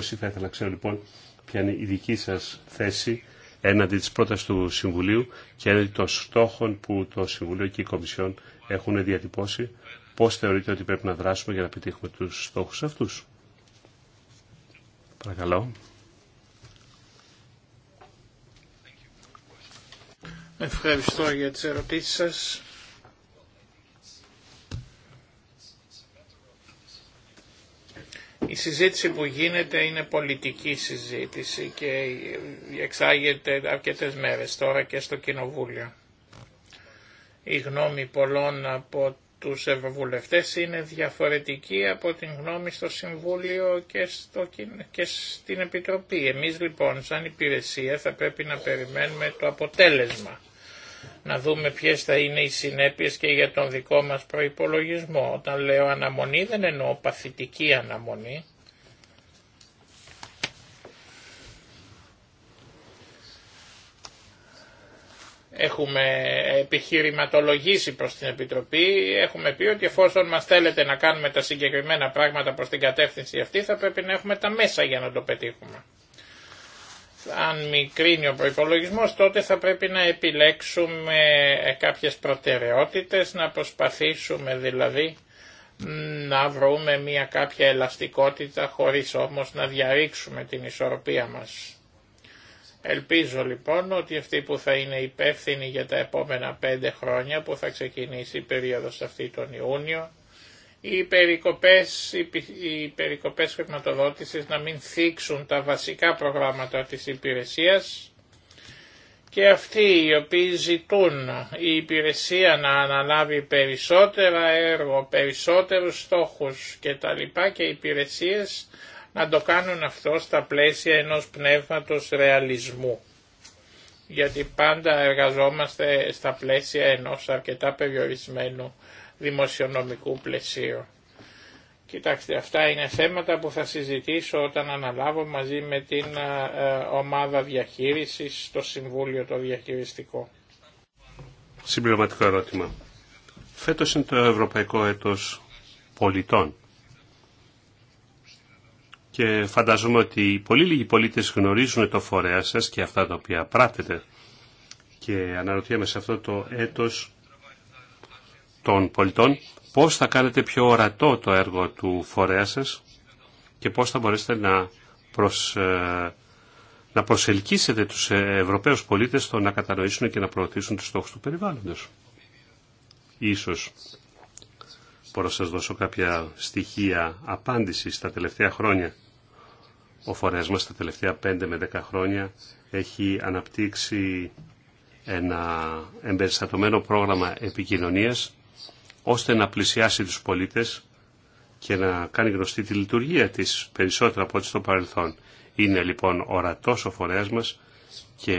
Θα ήθελα να ξέρω λοιπόν ποια είναι η δική σας θέση έναντι της πρότασης του Συμβουλίου και έναντι των στόχων που το Συμβουλίο και η Κομισιόν έχουν διατυπώσει. Πώς θεωρείτε ότι πρέπει να δράσουμε για να πετύχουμε τους στόχους αυτούς. Παρακαλώ. Ευχαριστώ για τις ερωτήσεις σας. Η συζήτηση που γίνεται είναι πολιτική συζήτηση και εξάγεται αρκετές μέρες τώρα και στο Κοινοβούλιο. Η γνώμη πολλών από τους ευρωβουλευτές είναι διαφορετική από την γνώμη στο Συμβούλιο και, στο, και στην Επιτροπή. Εμείς λοιπόν σαν υπηρεσία θα πρέπει να περιμένουμε το αποτέλεσμα. Να δούμε ποιες θα είναι οι συνέπειες και για τον δικό μας προϋπολογισμό. Όταν λέω αναμονή δεν εννοώ παθητική αναμονή, έχουμε επιχειρηματολογήσει προς την Επιτροπή, έχουμε πει ότι εφόσον μας θέλετε να κάνουμε τα συγκεκριμένα πράγματα προς την κατεύθυνση αυτή θα πρέπει να έχουμε τα μέσα για να το πετύχουμε. Αν μικρύνει ο προπολογισμό, τότε θα πρέπει να επιλέξουμε κάποιες προτεραιότητες, να προσπαθήσουμε δηλαδή να βρούμε μια κάποια ελαστικότητα χωρίς όμως να διαρρήξουμε την ισορροπία μας. Ελπίζω λοιπόν ότι αυτοί που θα είναι υπεύθυνοι για τα επόμενα πέντε χρόνια που θα ξεκινήσει η περίοδος αυτή τον Ιούνιο, οι περικοπές, οι περικοπές χρηματοδότησης να μην θίξουν τα βασικά προγράμματα της υπηρεσίας και αυτοί οι οποίοι ζητούν η υπηρεσία να αναλάβει περισσότερα έργο, περισσότερους στόχους και υπηρεσίες να το κάνουν αυτό στα πλαίσια ενός πνεύματος ρεαλισμού. Γιατί πάντα εργαζόμαστε στα πλαίσια ενός αρκετά περιορισμένου δημοσιονομικού πλαισίου. Κοιτάξτε, αυτά είναι θέματα που θα συζητήσω όταν αναλάβω μαζί με την ε, ε, ομάδα διαχείρισης στο Συμβούλιο το Διαχειριστικό. Συμπληρωματικό ερώτημα. Φέτος είναι το Ευρωπαϊκό Έτος Πολιτών και φανταζομαι ότι πολύ λίγοι πολίτες γνωρίζουν το φορέα σας και αυτά τα οποία πράτετε. Και αναρωτιέμαι σε αυτό το έτος των πολιτών πώς θα κάνετε πιο ορατό το έργο του φορέα σας και πώς θα μπορέσετε να, ε, να προσελκύσετε τους Ευρωπαίους πολίτες στο να κατανοήσουν και να προωθήσουν τους στόχους του περιβάλλοντος. Ίσως μπορώ να σας δώσω κάποια στοιχεία απάντηση στα τελευταία χρόνια ο φορέας μας τα τελευταία 5 με 10 χρόνια έχει αναπτύξει ένα εμπεριστατωμένο πρόγραμμα επικοινωνίας ώστε να πλησιάσει τους πολίτες και να κάνει γνωστή τη λειτουργία της περισσότερο από ό,τι στο παρελθόν. Είναι λοιπόν ορατός ο φορέας μας και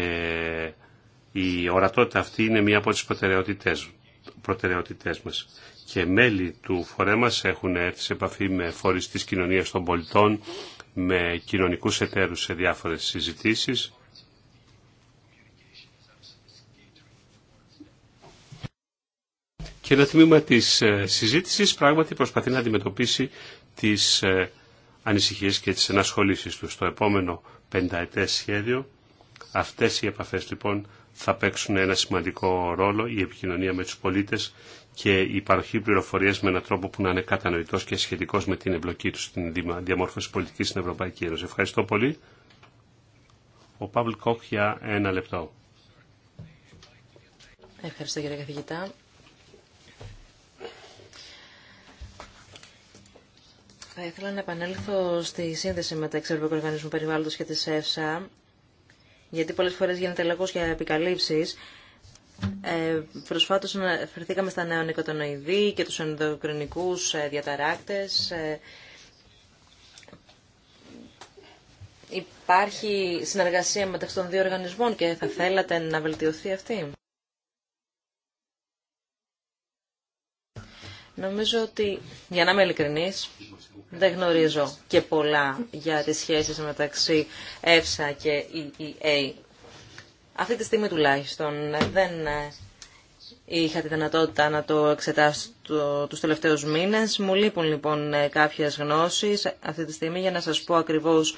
η ορατότητα αυτή είναι μία από τις προτεραιότητές, προτεραιότητές μας. Και μέλη του φορέα μας έχουν έρθει σε επαφή με φορείς της κοινωνίας των πολιτών, με κοινωνικούς εταίρους σε διάφορες συζητήσεις. Και ένα τμήμα της ε, συζήτησης πράγματι προσπαθεί να αντιμετωπίσει τις ε, ανησυχίες και τις ενασχολήσεις του στο επόμενο πενταετές σχέδιο. Αυτές οι επαφές λοιπόν θα παίξουν ένα σημαντικό ρόλο η επικοινωνία με τους πολίτες και η παροχή με έναν τρόπο που να είναι κατανοητό και σχετικό με την εμπλοκή του στην διαμόρφωση πολιτική στην Ευρωπαϊκή Ένωση. Ευχαριστώ πολύ. Ο Παύλ Κόκ για ένα λεπτό. Ευχαριστώ κύριε καθηγητά. Θα ήθελα να επανέλθω στη σύνδεση μεταξύ Ευρωπαϊκού Οργανισμού Περιβάλλοντος και τη ΕΦΣΑ, γιατί πολλέ φορέ γίνεται λόγο για επικαλύψει. Ε, προσφάτως αναφερθήκαμε στα νεονικοτονοειδή και τους ενδοκρινικούς ε, διαταράκτες. Ε. υπάρχει συνεργασία μεταξύ των δύο οργανισμών και θα θέλατε να βελτιωθεί αυτή. Νομίζω ότι, για να είμαι ειλικρινής, δεν γνωρίζω και πολλά για τις σχέσεις μεταξύ ΕΦΣΑ και EEA. Αυτή τη στιγμή τουλάχιστον ε, δεν ε, είχα τη δυνατότητα να το εξετάσω τους τελευταίους μήνες. Μου λείπουν λοιπόν ε, κάποιες γνώσεις αυτή τη στιγμή για να σας πω ακριβώς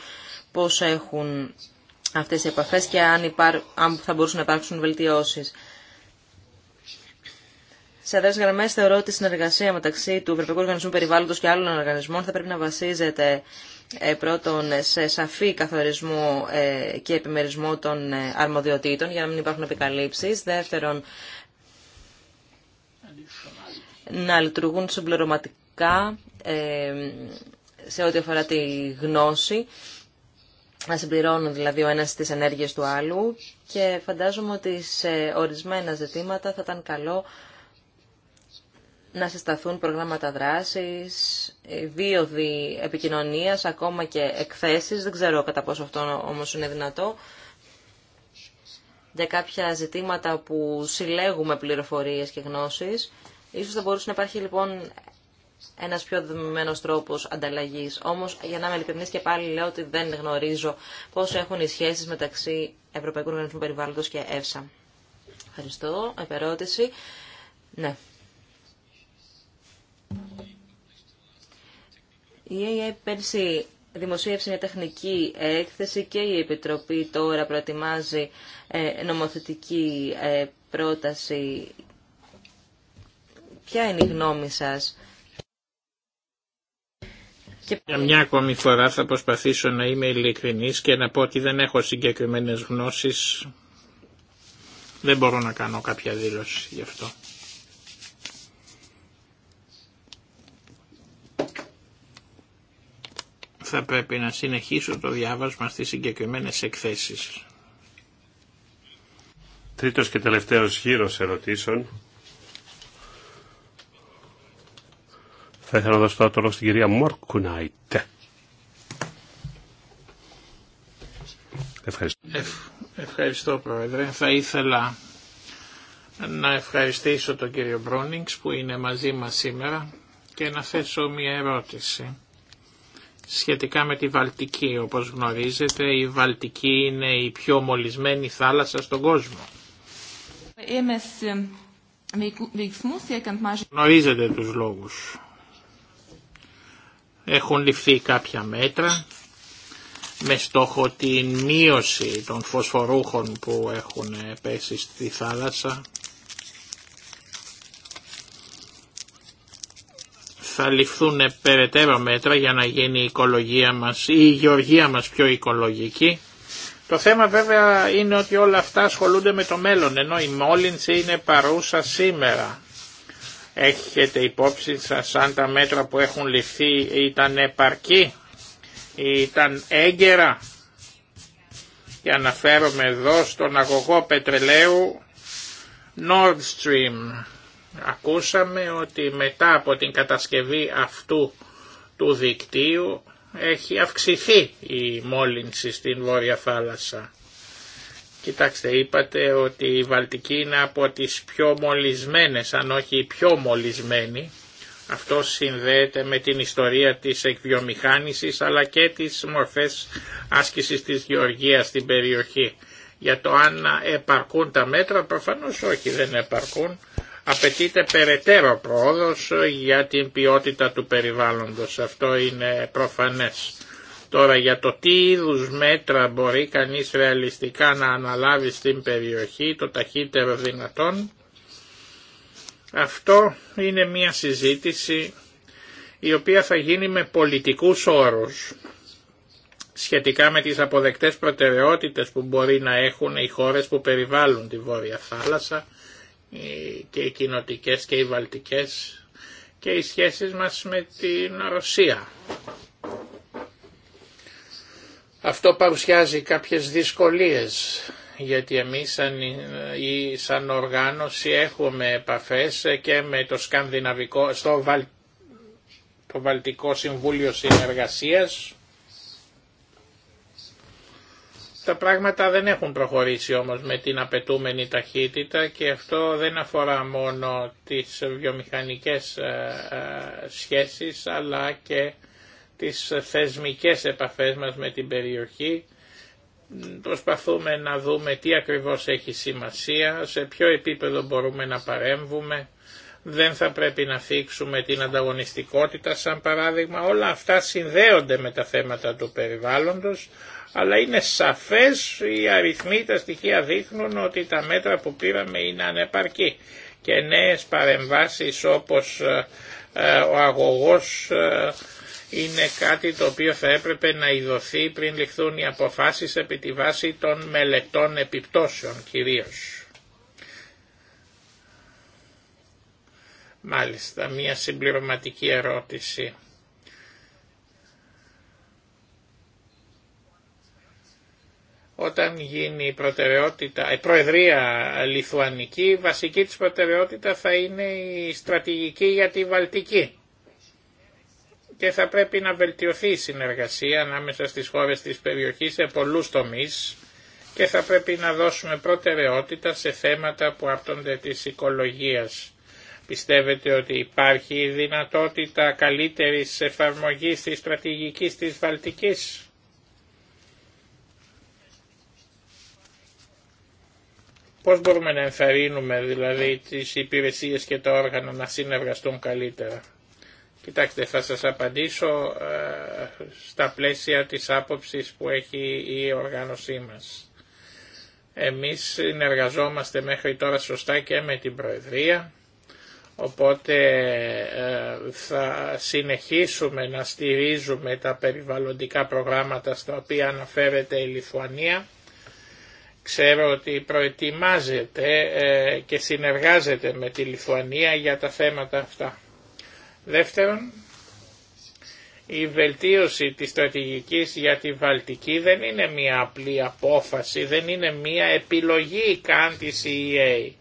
πώς έχουν αυτές οι επαφές και αν, αν θα μπορούσαν να υπάρξουν βελτιώσεις. Σε αδρέ γραμμέ θεωρώ ότι η συνεργασία μεταξύ του Ευρωπαϊκού Οργανισμού Περιβάλλοντος και άλλων οργανισμών θα πρέπει να βασίζεται ε, πρώτον σε σαφή καθορισμό ε, και επιμερισμό των ε, αρμοδιοτήτων για να μην υπάρχουν επικαλύψει. Δεύτερον, να λειτουργούν συμπληρωματικά σε ό,τι αφορά τη γνώση, να συμπληρώνουν δηλαδή ο ένας τις ενέργειες του άλλου και φαντάζομαι ότι σε ορισμένα ζητήματα θα ήταν καλό να συσταθούν προγράμματα δράσης, δίωδη επικοινωνίας, ακόμα και εκθέσεις. Δεν ξέρω κατά πόσο αυτό όμως είναι δυνατό. Για κάποια ζητήματα που συλλέγουμε πληροφορίες και γνώσεις, ίσως θα μπορούσε να υπάρχει λοιπόν ένας πιο δεδομένος τρόπος ανταλλαγής. Όμως, για να είμαι ειλικρινής και πάλι λέω ότι δεν γνωρίζω πώς έχουν οι σχέσεις μεταξύ Ευρωπαϊκού Οργανισμού Περιβάλλοντος και ΕΦΣΑ. Ευχαριστώ. Επερώτηση. Ναι. Η ΕΕ πέρσι δημοσίευσε μια τεχνική έκθεση και η Επιτροπή τώρα προετοιμάζει ε, νομοθετική ε, πρόταση. Ποια είναι η γνώμη σας? Για μια ακόμη φορά θα προσπαθήσω να είμαι ειλικρινής και να πω ότι δεν έχω συγκεκριμένες γνώσεις. Δεν μπορώ να κάνω κάποια δήλωση γι' αυτό. θα πρέπει να συνεχίσω το διάβασμα στις συγκεκριμένες εκθέσεις. Τρίτος και τελευταίος γύρος ερωτήσεων. Θα ήθελα να δώσω το λόγο στην κυρία Μόρκουνάιτ. Ευχαριστώ. Ευχαριστώ Πρόεδρε. Θα ήθελα να ευχαριστήσω τον κύριο Μπρόνιγκς που είναι μαζί μας σήμερα και να θέσω μια ερώτηση σχετικά με τη Βαλτική. Όπως γνωρίζετε η Βαλτική είναι η πιο μολυσμένη θάλασσα στον κόσμο. Ε, ε, γνωρίζετε τους λόγους. Έχουν ληφθεί κάποια μέτρα με στόχο την μείωση των φωσφορούχων που έχουν πέσει στη θάλασσα θα ληφθούν περαιτέρω μέτρα για να γίνει η οικολογία μας ή η γεωργια μας πιο οικολογική. Το θέμα βέβαια είναι ότι όλα αυτά ασχολούνται με το μέλλον, ενώ η μόλυνση είναι παρούσα σήμερα. Έχετε υπόψη σας αν τα μέτρα που έχουν ληφθεί ήταν επαρκή ή ήταν έγκαιρα. Και αναφέρομαι εδώ στον αγωγό πετρελαίου Nord Stream Ακούσαμε ότι μετά από την κατασκευή αυτού του δικτύου έχει αυξηθεί η μόλυνση στην Βόρεια Θάλασσα. Κοιτάξτε, είπατε ότι η Βαλτική είναι από τις πιο μολυσμένες, αν όχι οι πιο μολυσμένη. Αυτό συνδέεται με την ιστορία της εκβιομηχάνησης αλλά και τις μορφές άσκησης της γεωργίας στην περιοχή. Για το αν επαρκούν τα μέτρα, προφανώς όχι δεν επαρκούν Απαιτείται περαιτέρω πρόοδος για την ποιότητα του περιβάλλοντος. Αυτό είναι προφανές. Τώρα για το τι είδου μέτρα μπορεί κανείς ρεαλιστικά να αναλάβει στην περιοχή το ταχύτερο δυνατόν, αυτό είναι μια συζήτηση η οποία θα γίνει με πολιτικούς όρους σχετικά με τις αποδεκτές προτεραιότητες που μπορεί να έχουν οι χώρες που περιβάλλουν τη Βόρεια Θάλασσα και οι κοινοτικές και οι βαλτικές και οι σχέσεις μας με την Ρωσία. Αυτό παρουσιάζει κάποιες δυσκολίες γιατί εμείς σαν, ή σαν οργάνωση έχουμε επαφές και με το Σκανδιναβικό, στο το Βαλτικό Συμβούλιο Συνεργασίας Τα πράγματα δεν έχουν προχωρήσει όμως με την απαιτούμενη ταχύτητα και αυτό δεν αφορά μόνο τις βιομηχανικές ε, ε, σχέσεις αλλά και τις θεσμικές επαφές μας με την περιοχή. Προσπαθούμε να δούμε τι ακριβώς έχει σημασία, σε ποιο επίπεδο μπορούμε να παρέμβουμε. Δεν θα πρέπει να θίξουμε την ανταγωνιστικότητα σαν παράδειγμα. Όλα αυτά συνδέονται με τα θέματα του περιβάλλοντος αλλά είναι σαφές οι αριθμοί, τα στοιχεία δείχνουν ότι τα μέτρα που πήραμε είναι ανεπαρκή και νέες παρεμβάσεις όπως ε, ε, ο αγωγός ε, είναι κάτι το οποίο θα έπρεπε να ειδωθεί πριν ληφθούν οι αποφάσεις επί τη βάση των μελετών επιπτώσεων κυρίως. Μάλιστα, μία συμπληρωματική ερώτηση. όταν γίνει η, προτεραιότητα, Προεδρία Λιθουανική, η βασική της προτεραιότητα θα είναι η στρατηγική για τη Βαλτική. Και θα πρέπει να βελτιωθεί η συνεργασία ανάμεσα στις χώρες της περιοχής σε πολλούς τομείς και θα πρέπει να δώσουμε προτεραιότητα σε θέματα που άπτονται της οικολογία. Πιστεύετε ότι υπάρχει δυνατότητα καλύτερης εφαρμογής της στρατηγικής της Βαλτικής. Πώς μπορούμε να ενθαρρύνουμε δηλαδή τις υπηρεσίες και τα όργανα να συνεργαστούν καλύτερα. Κοιτάξτε, θα σας απαντήσω ε, στα πλαίσια της άποψης που έχει η οργάνωσή μας. Εμείς συνεργαζόμαστε μέχρι τώρα σωστά και με την Προεδρία, οπότε ε, θα συνεχίσουμε να στηρίζουμε τα περιβαλλοντικά προγράμματα στα οποία αναφέρεται η Λιθουανία Ξέρω ότι προετοιμάζεται ε, και συνεργάζεται με τη Λιθουανία για τα θέματα αυτά. Δεύτερον, η βελτίωση της στρατηγικής για τη Βαλτική δεν είναι μία απλή απόφαση, δεν είναι μία επιλογή καν της EEA. ΕΕ.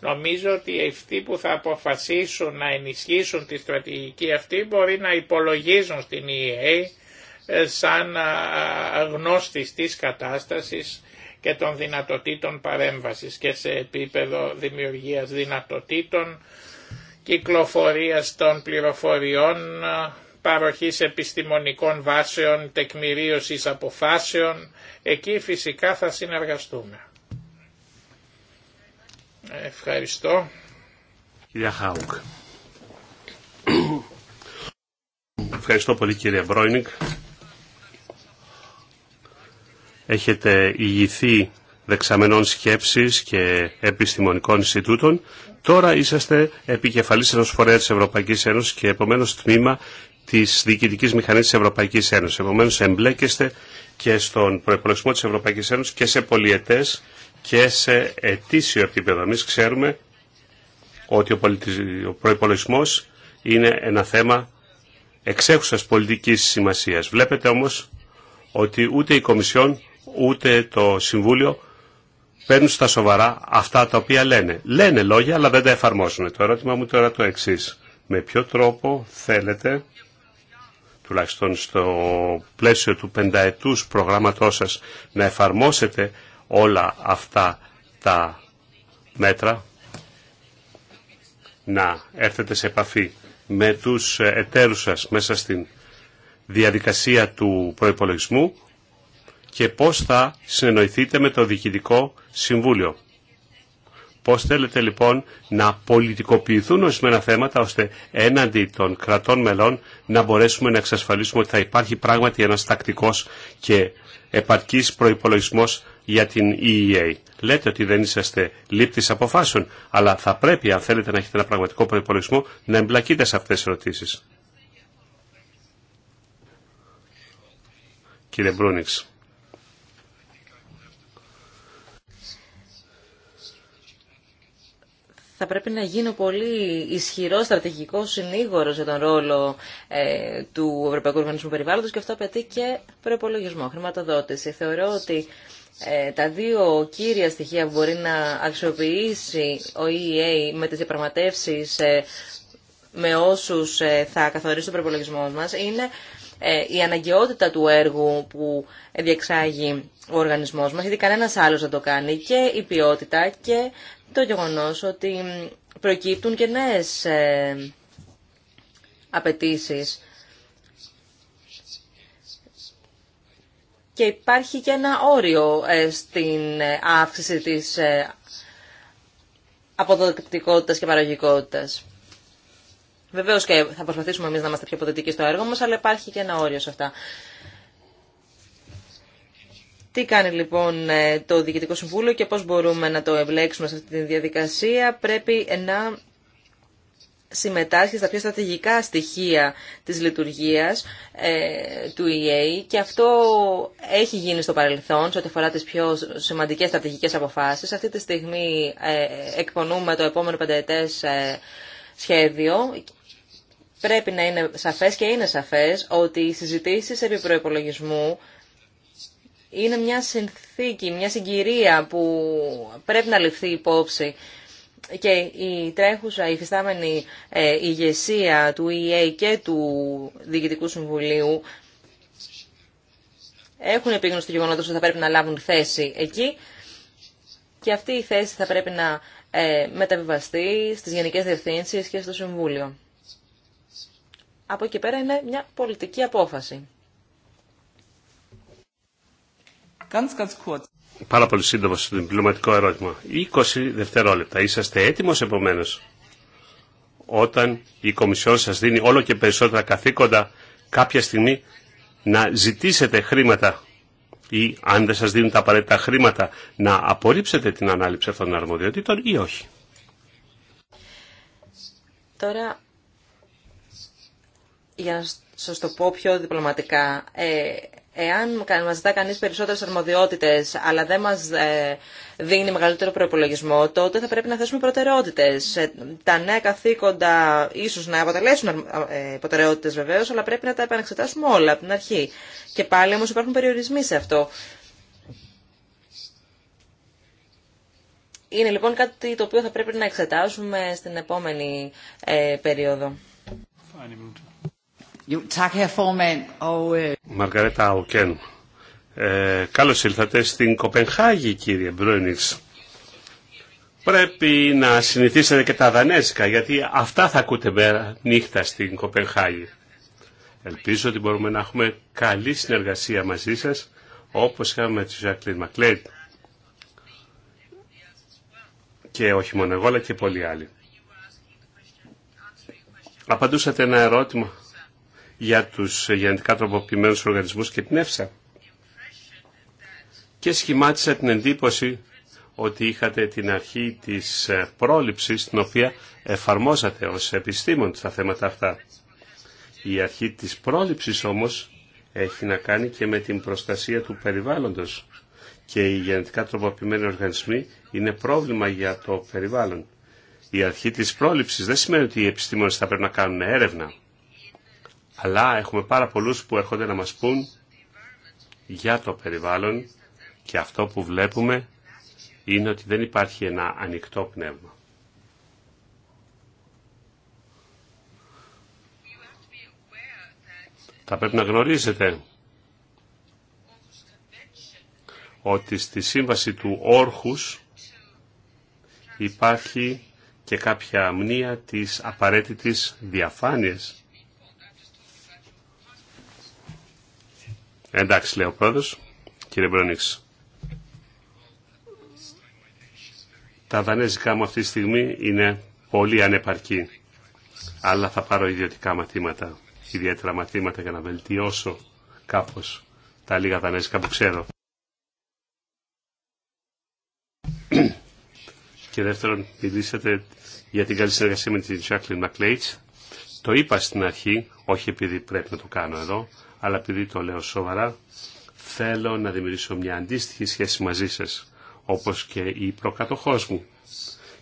Νομίζω ότι αυτοί που θα αποφασίσουν να ενισχύσουν τη στρατηγική αυτή μπορεί να υπολογίζουν στην Ε.Ε. Ε, σαν γνώστης της κατάστασης και των δυνατοτήτων παρέμβασης και σε επίπεδο δημιουργίας δυνατοτήτων, κυκλοφορίας των πληροφοριών, παροχής επιστημονικών βάσεων, τεκμηρίωσης αποφάσεων, εκεί φυσικά θα συνεργαστούμε. Ευχαριστώ. Κυρία Χάουκ. Ευχαριστώ πολύ κύριε Μπρόινικ έχετε ηγηθεί δεξαμενών σκέψης και επιστημονικών Ινστιτούτων. Τώρα είσαστε επικεφαλής ενός φορέα της Ευρωπαϊκής Ένωσης και επομένως τμήμα της διοικητικής μηχανής της Ευρωπαϊκής Ένωσης. Επομένως εμπλέκεστε και στον προεπολογισμό της Ευρωπαϊκής Ένωσης και σε πολιετές και σε ετήσιο επίπεδο. Εμεί ξέρουμε ότι ο, ο προπολογισμό είναι ένα θέμα εξέχουσας πολιτικής σημασίας. Βλέπετε όμως ότι ούτε η Κομισιόν ούτε το Συμβούλιο παίρνουν στα σοβαρά αυτά τα οποία λένε. Λένε λόγια αλλά δεν τα εφαρμόζουν. Το ερώτημα μου τώρα το εξή. Με ποιο τρόπο θέλετε, τουλάχιστον στο πλαίσιο του πενταετούς προγράμματός σας, να εφαρμόσετε όλα αυτά τα μέτρα, να έρθετε σε επαφή με τους εταίρους σας μέσα στην διαδικασία του προϋπολογισμού και πώς θα συνεννοηθείτε με το Διοικητικό Συμβούλιο. Πώς θέλετε λοιπόν να πολιτικοποιηθούν ορισμένα θέματα ώστε έναντι των κρατών μελών να μπορέσουμε να εξασφαλίσουμε ότι θα υπάρχει πράγματι ένας τακτικός και επαρκής προϋπολογισμός για την EEA. Λέτε ότι δεν είσαστε λήπτης αποφάσεων, αλλά θα πρέπει αν θέλετε να έχετε ένα πραγματικό προϋπολογισμό να εμπλακείτε σε αυτές τις ερωτήσεις. Κύριε Μπρούνιξ. θα πρέπει να γίνω πολύ ισχυρό στρατηγικό συνήγορο για τον ρόλο ε, του Ευρωπαϊκού Οργανισμού Περιβάλλοντο και αυτό απαιτεί και προπολογισμό, χρηματοδότηση. Θεωρώ ότι ε, τα δύο κύρια στοιχεία που μπορεί να αξιοποιήσει ο EEA με τι διαπραγματεύσει ε, με όσου θα καθορίσουν τον προπολογισμό μα είναι η αναγκαιότητα του έργου που διεξάγει ο οργανισμός μας, γιατί κανένας άλλος δεν το κάνει, και η ποιότητα και το γεγονός ότι προκύπτουν και νέες ε, απαιτήσει. Και υπάρχει και ένα όριο ε, στην ε, αύξηση της αποδοτικότητας και παραγωγικότητας. Βεβαίως και θα προσπαθήσουμε εμείς να είμαστε πιο αποδοτικοί στο έργο μας, αλλά υπάρχει και ένα όριο σε αυτά. Τι κάνει λοιπόν ε, το Διοικητικό Συμβούλιο και πώς μπορούμε να το εμπλέξουμε σε αυτή τη διαδικασία. Πρέπει ε, να συμμετάσχει στα πιο στρατηγικά στοιχεία της λειτουργίας ε, του EA και αυτό έχει γίνει στο παρελθόν σε ό,τι αφορά τις πιο σημαντικές στρατηγικές αποφάσεις. Αυτή τη στιγμή εκπονούμε το επόμενο πενταετές σχέδιο. Πρέπει να είναι σαφές και είναι σαφές ότι οι συζητήσεις επί είναι μια συνθήκη, μια συγκυρία που πρέπει να ληφθεί υπόψη και η τρέχουσα, η φυστάμενη ε, ηγεσία του ΙΕ και του Διοικητικού Συμβουλίου έχουν επίγνωση του γεγονότο ότι θα πρέπει να λάβουν θέση εκεί και αυτή η θέση θα πρέπει να ε, μεταβιβαστεί στις Γενικές Διευθύνσεις και στο Συμβούλιο. Από εκεί πέρα είναι μια πολιτική απόφαση. Πάρα πολύ σύντομα στο διπλωματικό ερώτημα. 20 δευτερόλεπτα. Είσαστε έτοιμος επομένως. Όταν η Κομισιόν σας δίνει όλο και περισσότερα καθήκοντα κάποια στιγμή να ζητήσετε χρήματα ή αν δεν σας δίνουν τα απαραίτητα χρήματα να απορρίψετε την ανάληψη αυτών των αρμοδιοτήτων ή όχι. Τώρα, για να σας το πω πιο διπλωματικά, ε, Εάν μα ζητά κανεί περισσότερε αρμοδιότητε, αλλά δεν μα ε, δίνει μεγαλύτερο προπολογισμό, τότε θα πρέπει να θέσουμε προτεραιότητε. Ε, τα νέα καθήκοντα ίσω να αποτελέσουν ε, προτεραιότητε βεβαίω, αλλά πρέπει να τα επανεξετάσουμε όλα από την αρχή. Και πάλι όμω υπάρχουν περιορισμοί σε αυτό. Είναι λοιπόν κάτι το οποίο θα πρέπει να εξετάσουμε στην επόμενη περίοδο. Μαργαρέτα Οκέν, øh. Ε, καλώς ήλθατε στην Κοπενχάγη, κύριε Μπρόνιξ. Πρέπει να συνηθίσετε και τα δανέζικα, γιατί αυτά θα ακούτε μέρα νύχτα στην Κοπενχάγη. Ελπίζω ότι μπορούμε να έχουμε καλή συνεργασία μαζί σας, όπως είχαμε με τη Ζακλίν Και όχι μόνο εγώ, αλλά και πολλοί άλλοι. Απαντούσατε ένα ερώτημα για τους γενετικά τροποποιημένους οργανισμούς και την ΕΦΣΑ. Και σχημάτισα την εντύπωση ότι είχατε την αρχή της ε, πρόληψης την οποία εφαρμόσατε ως επιστήμον στα θέματα αυτά. Η αρχή της πρόληψης όμως έχει να κάνει και με την προστασία του περιβάλλοντος και οι γενετικά τροποποιημένοι οργανισμοί είναι πρόβλημα για το περιβάλλον. Η αρχή της πρόληψης δεν σημαίνει ότι οι επιστήμονες θα πρέπει να κάνουν έρευνα. Αλλά έχουμε πάρα πολλούς που έρχονται να μας πούν για το περιβάλλον και αυτό που βλέπουμε είναι ότι δεν υπάρχει ένα ανοιχτό πνεύμα. Θα πρέπει να γνωρίζετε ότι στη σύμβαση του όρχους υπάρχει και κάποια αμνία της απαραίτητης διαφάνειας Εντάξει, λέει ο πρόεδρο. Κύριε Μπρονίξ. Τα δανέζικά μου αυτή τη στιγμή είναι πολύ ανεπαρκή. Αλλά θα πάρω ιδιωτικά μαθήματα, ιδιαίτερα μαθήματα για να βελτιώσω κάπως τα λίγα δανέζικα που ξέρω. Και δεύτερον, μιλήσατε για την καλή συνεργασία με την Jacqueline Μακλέιτ. Το είπα στην αρχή, όχι επειδή πρέπει να το κάνω εδώ, αλλά επειδή το λέω σοβαρά, θέλω να δημιουργήσω μια αντίστοιχη σχέση μαζί σας, όπως και η προκατοχός μου,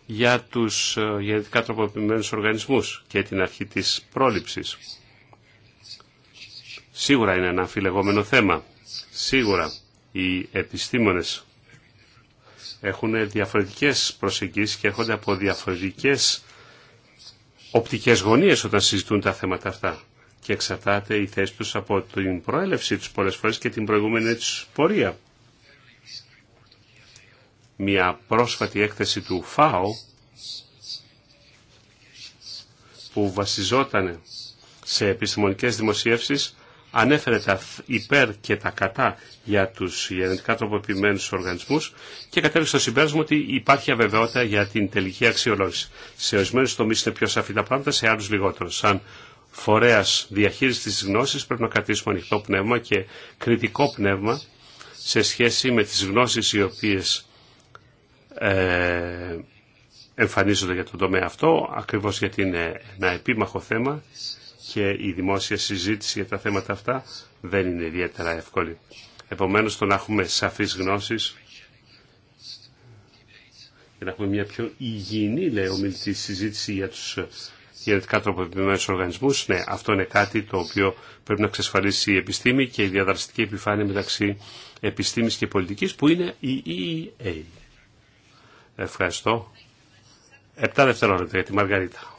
για τους ε, γενετικά τροποποιημένους οργανισμούς και την αρχή της πρόληψης. Σίγουρα είναι ένα αμφιλεγόμενο θέμα. Σίγουρα οι επιστήμονες έχουν διαφορετικές προσεγγίσεις και έρχονται από διαφορετικές οπτικές γωνίες όταν συζητούν τα θέματα αυτά και εξαρτάται η θέση τους από την προέλευση τους πολλές φορές και την προηγούμενη τους πορεία. Μια πρόσφατη έκθεση του ΦΑΟ που βασιζόταν σε επιστημονικές δημοσίευσεις ανέφερε τα υπέρ και τα κατά για τους γενετικά τροποποιημένους οργανισμούς και κατέληξε στο συμπέρασμα ότι υπάρχει αβεβαιότητα για την τελική αξιολόγηση. Σε ορισμένου τομεί είναι πιο σαφή τα πράγματα, σε άλλου λιγότερο. Σαν φορέας διαχείριση τη γνώσης πρέπει να κρατήσουμε ανοιχτό πνεύμα και κριτικό πνεύμα σε σχέση με τις γνώσεις οι οποίες ε, εμφανίζονται για τον τομέα αυτό, ακριβώς γιατί είναι ένα επίμαχο θέμα και η δημόσια συζήτηση για τα θέματα αυτά δεν είναι ιδιαίτερα εύκολη. Επομένω, το να έχουμε σαφείς γνώσεις και να έχουμε μια πιο υγιεινή, λέει ο συζήτηση για τους γενετικά τροποποιημένους οργανισμούς. Ναι, αυτό είναι κάτι το οποίο πρέπει να εξασφαλίσει η επιστήμη και η διαδραστική επιφάνεια μεταξύ επιστήμης και πολιτικής που είναι η EEA. Ευχαριστώ. Επτά δευτερόλεπτα για τη Μαργαρίτα.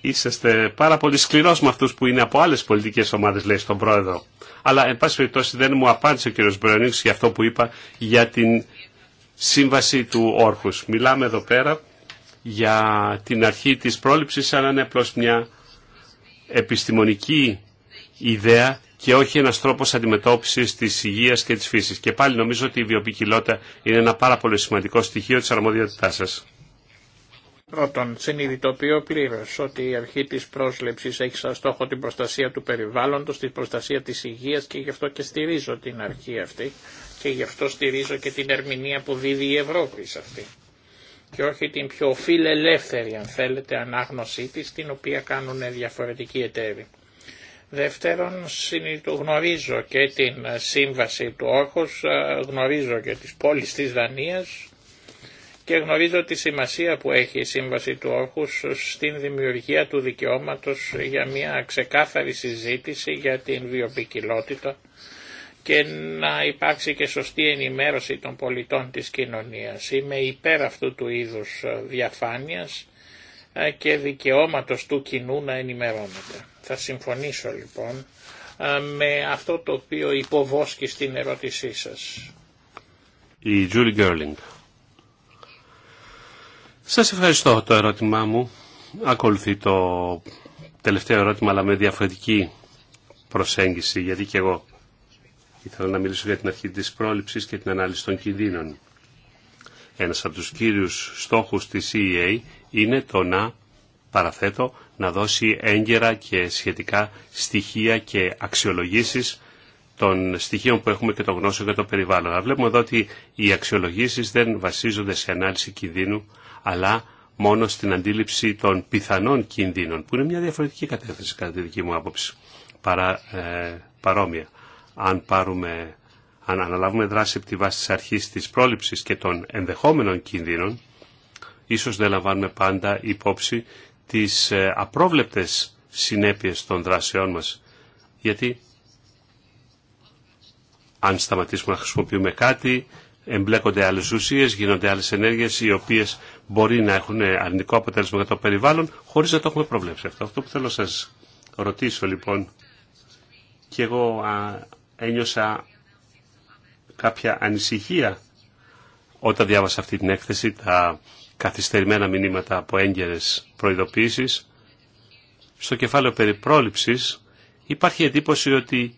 είσαστε πάρα πολύ σκληρό με αυτού που είναι από άλλε πολιτικέ ομάδε λέει στον πρόεδρο. Αλλά, εν πάση περιπτώσει, δεν μου απάντησε ο κ. Μπρονίξ για αυτό που είπα για την σύμβαση του όρχου. Μιλάμε εδώ πέρα για την αρχή της πρόληψης σαν να είναι απλώς μια επιστημονική ιδέα και όχι ένας τρόπος αντιμετώπισης της υγείας και της φύσης. Και πάλι νομίζω ότι η βιοπικιλότητα είναι ένα πάρα πολύ σημαντικό στοιχείο της αρμοδιότητάς σας. Πρώτον, συνειδητοποιώ πλήρω ότι η αρχή τη πρόσληψη έχει σαν στόχο την προστασία του περιβάλλοντο, την προστασία τη υγεία και γι' αυτό και στηρίζω την αρχή αυτή και γι' αυτό στηρίζω και την ερμηνεία που δίδει η Ευρώπη σε αυτή. Και όχι την πιο φιλελεύθερη, αν θέλετε, ανάγνωσή τη, την οποία κάνουν διαφορετικοί εταίροι. Δεύτερον, γνωρίζω και την ε, σύμβαση του Όρχους, ε, γνωρίζω και τις πόλεις της Δανίας, και γνωρίζω τη σημασία που έχει η Σύμβαση του Όρχους στην δημιουργία του δικαιώματος για μια ξεκάθαρη συζήτηση για την βιοπικιλότητα και να υπάρξει και σωστή ενημέρωση των πολιτών της κοινωνίας. Είμαι υπέρ αυτού του είδους διαφάνειας ε, και δικαιώματος του κοινού να ενημερώνεται. Θα συμφωνήσω λοιπόν ε, με αυτό το οποίο υποβόσκει στην ερώτησή σας. Η σας ευχαριστώ. Το ερώτημά μου ακολουθεί το τελευταίο ερώτημα, αλλά με διαφορετική προσέγγιση, γιατί και εγώ ήθελα να μιλήσω για την αρχή της πρόληψης και την ανάλυση των κινδύνων. Ένας από τους κύριους στόχους της CEA ΕΕ είναι το να, παραθέτω, να δώσει έγκαιρα και σχετικά στοιχεία και αξιολογήσεις των στοιχείων που έχουμε και το γνώσεων και το περιβάλλον. Αλλά βλέπουμε εδώ ότι οι αξιολογήσεις δεν βασίζονται σε ανάλυση κινδύνου, αλλά μόνο στην αντίληψη των πιθανών κινδύνων, που είναι μια διαφορετική κατεύθυνση κατά τη δική μου άποψη, παρά, ε, παρόμοια. Αν, πάρουμε, αν αναλάβουμε δράση από τη βάση της αρχής της πρόληψης και των ενδεχόμενων κινδύνων, ίσως δεν λαμβάνουμε πάντα υπόψη τις ε, απρόβλεπτες συνέπειες των δράσεών μας. Γιατί αν σταματήσουμε να χρησιμοποιούμε κάτι, εμπλέκονται άλλες ουσίες, γίνονται άλλες ενέργειες οι οποίες μπορεί να έχουν αρνητικό αποτέλεσμα για το περιβάλλον χωρίς να το έχουμε προβλέψει αυτό. Αυτό που θέλω να σας ρωτήσω λοιπόν και εγώ ένιωσα κάποια ανησυχία όταν διάβασα αυτή την έκθεση τα καθυστερημένα μηνύματα από έγκαιρε προειδοποίησεις στο κεφάλαιο περί υπάρχει εντύπωση ότι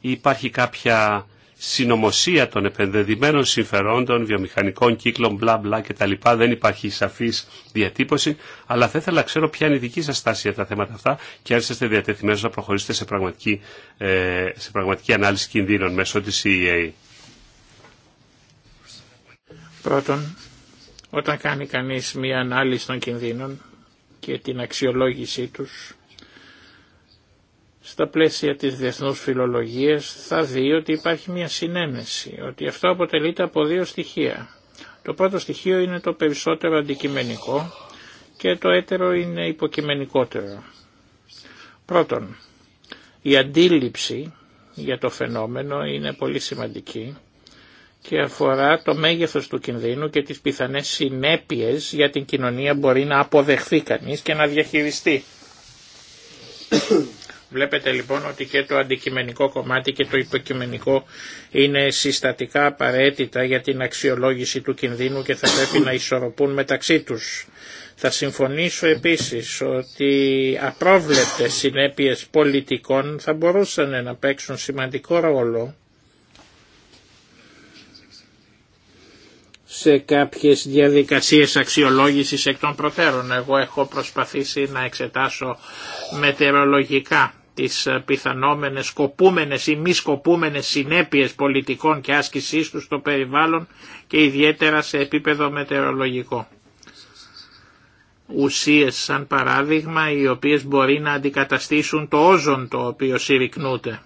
υπάρχει κάποια συνωμοσία των επενδεδημένων συμφερόντων, βιομηχανικών κύκλων, μπλα μπλα κτλ. Δεν υπάρχει σαφή διατύπωση. Αλλά θα ήθελα να ξέρω ποια είναι η δική σα στάση για τα θέματα αυτά και αν είστε διατεθειμένοι να προχωρήσετε σε πραγματική, ε, σε πραγματική ανάλυση κινδύνων μέσω τη CEA. Πρώτον, όταν κάνει κανείς μία ανάλυση των κινδύνων και την αξιολόγησή τους, στα πλαίσια της διεθνούς φιλολογίας θα δει ότι υπάρχει μια συνένεση, ότι αυτό αποτελείται από δύο στοιχεία. Το πρώτο στοιχείο είναι το περισσότερο αντικειμενικό και το έτερο είναι υποκειμενικότερο. Πρώτον, η αντίληψη για το φαινόμενο είναι πολύ σημαντική και αφορά το μέγεθος του κινδύνου και τις πιθανές συνέπειες για την κοινωνία μπορεί να αποδεχθεί κανείς και να διαχειριστεί. Βλέπετε λοιπόν ότι και το αντικειμενικό κομμάτι και το υποκειμενικό είναι συστατικά απαραίτητα για την αξιολόγηση του κινδύνου και θα πρέπει να ισορροπούν μεταξύ τους. Θα συμφωνήσω επίσης ότι απρόβλεπτες συνέπειες πολιτικών θα μπορούσαν να παίξουν σημαντικό ρόλο σε κάποιες διαδικασίες αξιολόγησης εκ των προτέρων. Εγώ έχω προσπαθήσει να εξετάσω μετερολογικά τις ε, πιθανόμενες σκοπούμενες ή μη σκοπούμενες συνέπειες πολιτικών και άσκησής τους στο περιβάλλον και ιδιαίτερα σε επίπεδο μετεωρολογικό. Ουσίες σαν παράδειγμα οι οποίες μπορεί να αντικαταστήσουν το όζον το οποίο συρρυκνούται.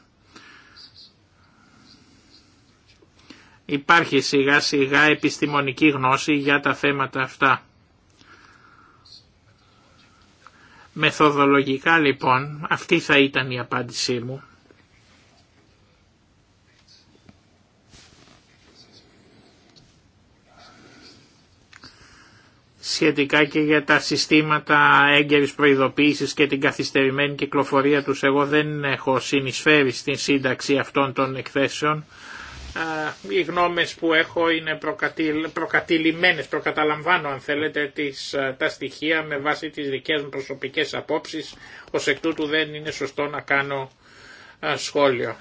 Υπάρχει σιγά σιγά επιστημονική γνώση για τα θέματα αυτά. Μεθοδολογικά λοιπόν, αυτή θα ήταν η απάντησή μου. σχετικά και για τα συστήματα έγκαιρης προειδοποίησης και την καθυστερημένη κυκλοφορία τους. Εγώ δεν έχω συνεισφέρει στην σύνταξη αυτών των εκθέσεων. Οι γνώμες που έχω είναι προκατηλημένες, προκαταλαμβάνω αν θέλετε τις, τα στοιχεία με βάση τις δικές μου προσωπικές απόψεις, ως εκ τούτου δεν είναι σωστό να κάνω σχόλιο.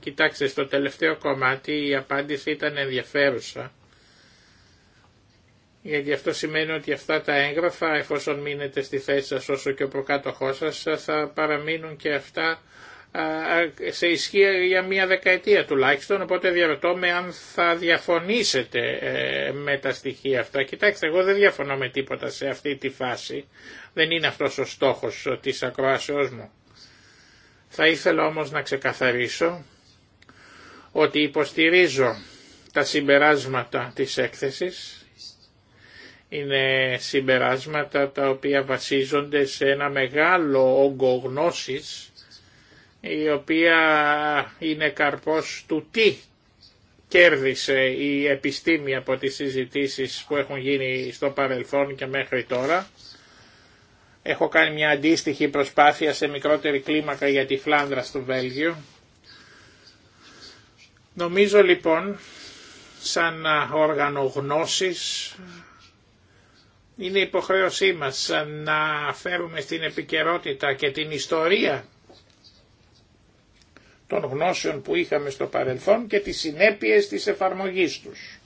Κοιτάξτε, στο τελευταίο κομμάτι η απάντηση ήταν ενδιαφέρουσα, γιατί αυτό σημαίνει ότι αυτά τα έγγραφα, εφόσον μείνετε στη θέση σας όσο και ο προκάτοχός σας, θα παραμείνουν και αυτά σε ισχύ για μία δεκαετία τουλάχιστον, οπότε διαρωτώ με αν θα διαφωνήσετε ε, με τα στοιχεία αυτά. Κοιτάξτε, εγώ δεν διαφωνώ με τίποτα σε αυτή τη φάση. Δεν είναι αυτός ο στόχος ε, της ακροάσεώς μου. Θα ήθελα όμως να ξεκαθαρίσω ότι υποστηρίζω τα συμπεράσματα της έκθεσης. Είναι συμπεράσματα τα οποία βασίζονται σε ένα μεγάλο όγκο γνώσης η οποία είναι καρπός του τι κέρδισε η επιστήμη από τις συζητήσεις που έχουν γίνει στο παρελθόν και μέχρι τώρα. Έχω κάνει μια αντίστοιχη προσπάθεια σε μικρότερη κλίμακα για τη Φλάνδρα στο Βέλγιο. Νομίζω λοιπόν σαν όργανο οργανογνώσεις είναι υποχρέωσή μας να φέρουμε στην επικαιρότητα και την ιστορία των γνώσεων που είχαμε στο παρελθόν και τις συνέπειες της εφαρμογής τους.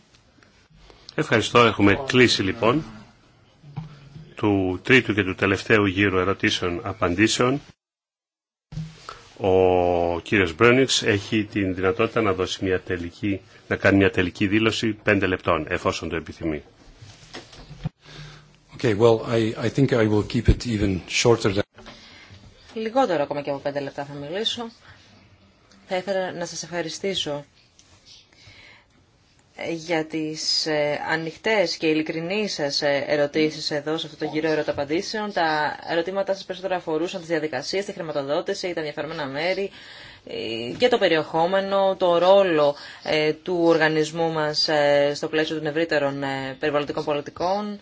Ευχαριστώ. Έχουμε κλείσει λοιπόν του τρίτου και του τελευταίου γύρου ερωτήσεων απαντήσεων. Ο κύριος Μπρόνιξ έχει την δυνατότητα να, δώσει μια τελική, να κάνει μια τελική δήλωση πέντε λεπτών, εφόσον το επιθυμεί. Okay, well, I, I think I will keep it even shorter than... Λιγότερο ακόμα και από πέντε λεπτά θα μιλήσω. Θα ήθελα να σας ευχαριστήσω για τις ε, ανοιχτές και ειλικρινείς σας ε, ερωτήσεις εδώ σε αυτό το γύρο ερωταπαντήσεων. Τα ερωτήματά σας περισσότερο αφορούσαν τις διαδικασίες, τη χρηματοδότηση, τα ενδιαφέρμενα μέρη ε, και το περιεχόμενο, το ρόλο του οργανισμού μας στο πλαίσιο των ευρύτερων περιβαλλοντικών πολιτικών.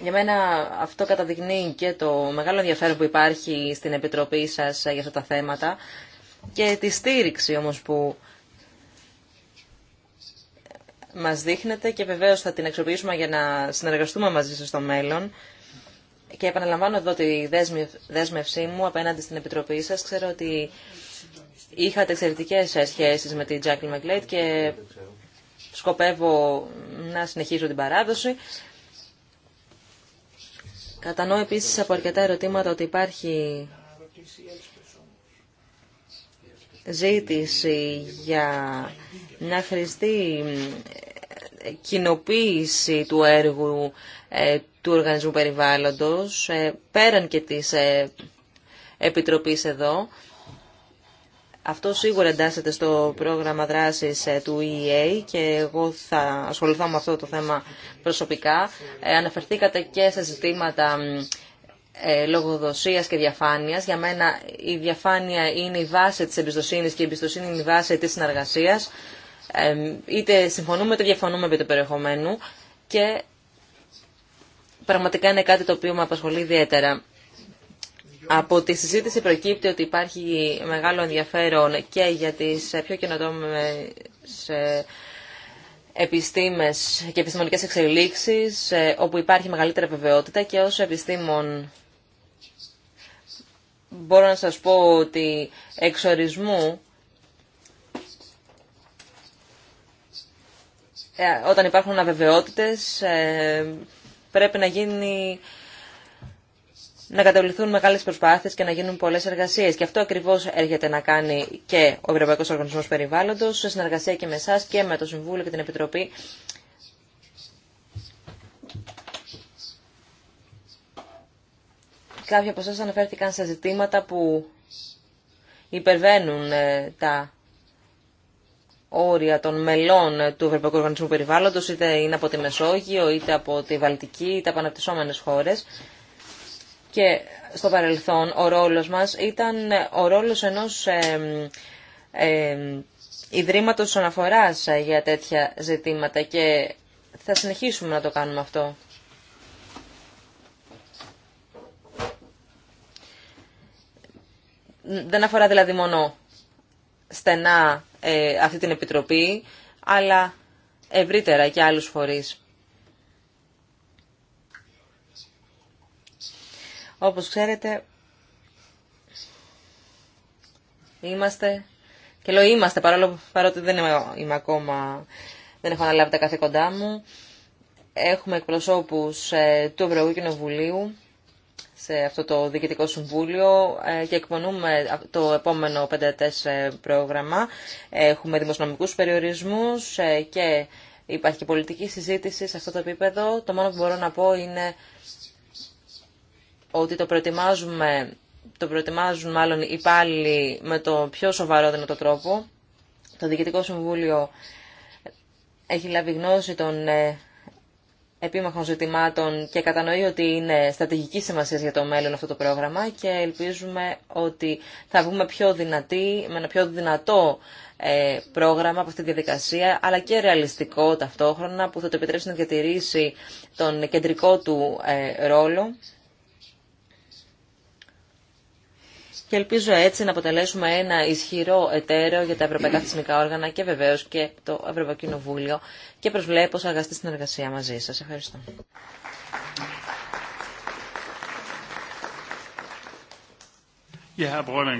Για μένα αυτό καταδεικνύει και το μεγάλο ενδιαφέρον που υπάρχει στην Επιτροπή σας για αυτά τα θέματα και τη στήριξη όμως που μας δείχνετε και βεβαίως θα την αξιοποιήσουμε για να συνεργαστούμε μαζί σας στο μέλλον. Και επαναλαμβάνω εδώ τη δέσμευσή μου απέναντι στην Επιτροπή σας. Ξέρω ότι είχατε εξαιρετικές σχέσεις με την Τζάκλ Μαγκλέιτ και σκοπεύω να συνεχίσω την παράδοση. Κατανοώ επίσης από αρκετά ερωτήματα ότι υπάρχει ζήτηση για να χρηστεί κοινοποίηση του έργου ε, του Οργανισμού Περιβάλλοντος, ε, πέραν και της ε, Επιτροπής εδώ. Αυτό σίγουρα εντάσσεται στο πρόγραμμα δράσης του EEA και εγώ θα ασχοληθώ με αυτό το θέμα προσωπικά. Αναφερθήκατε και σε ζητήματα ε, λογοδοσίας και διαφάνειας. Για μένα η διαφάνεια είναι η βάση της εμπιστοσύνης και η εμπιστοσύνη είναι η βάση της συνεργασίας. Είτε συμφωνούμε είτε διαφωνούμε επί του περιεχομένου και πραγματικά είναι κάτι το οποίο με απασχολεί ιδιαίτερα. Από τη συζήτηση προκύπτει ότι υπάρχει μεγάλο ενδιαφέρον και για τις πιο καινοτόμες ε, επιστήμες και επιστημονικές εξελίξεις, ε, όπου υπάρχει μεγαλύτερη βεβαιότητα και ως επιστήμον μπορώ να σας πω ότι εξορισμού ε, όταν υπάρχουν αβεβαιότητες ε, πρέπει να γίνει να καταβληθούν μεγάλες προσπάθειες και να γίνουν πολλές εργασίες. Και αυτό ακριβώς έρχεται να κάνει και ο Ευρωπαϊκός Οργανισμός Περιβάλλοντος, σε συνεργασία και με εσά και με το Συμβούλιο και την Επιτροπή κάποια από εσάς αναφέρθηκαν σε ζητήματα που υπερβαίνουν ε, τα όρια των μελών του Ευρωπαϊκού Οργανισμού Περιβάλλοντος, είτε είναι από τη Μεσόγειο, είτε από τη Βαλτική, είτε από αναπτυσσόμενες χώρες. Και στο παρελθόν ο ρόλος μας ήταν ε, ο ρόλος ενός ε, ε, ιδρύματος αναφοράς ε, για τέτοια ζητήματα και θα συνεχίσουμε να το κάνουμε αυτό. Δεν αφορά δηλαδή μόνο στενά ε, αυτή την Επιτροπή, αλλά ευρύτερα και άλλους φορείς. Όπως ξέρετε, είμαστε, και λέω είμαστε παρόλο, παρότι δεν είμαι, είμαι ακόμα, δεν έχω αναλάβει τα καθήκοντά μου, έχουμε εκπροσώπους ε, του Ευρωπαϊκού Κοινοβουλίου, σε αυτό το Διοικητικό Συμβούλιο ε, και εκπονούμε το επόμενο ε, πρόγραμμα. Έχουμε δημοσιονομικούς περιορισμούς ε, και υπάρχει και πολιτική συζήτηση σε αυτό το επίπεδο. Το μόνο που μπορώ να πω είναι ότι το προετοιμάζουμε, το προετοιμάζουν μάλλον οι υπάλληλοι με το πιο σοβαρό δυνατό τρόπο. Το Διοικητικό Συμβούλιο έχει λάβει γνώση των ε, επίμαχων ζητημάτων και κατανοεί ότι είναι στρατηγική σημασία για το μέλλον αυτό το πρόγραμμα και ελπίζουμε ότι θα βγούμε πιο δυνατοί, με ένα πιο δυνατό ε, πρόγραμμα από αυτή τη διαδικασία, αλλά και ρεαλιστικό ταυτόχρονα που θα το επιτρέψει να διατηρήσει τον κεντρικό του ε, ρόλο και ελπίζω έτσι να αποτελέσουμε ένα ισχυρό εταίρο για τα ευρωπαϊκά θεσμικά όργανα και βεβαίω και το Ευρωπαϊκό Κοινοβούλιο και προσβλέπω σε αγαστή συνεργασία μαζί σα. Ευχαριστώ. Yeah,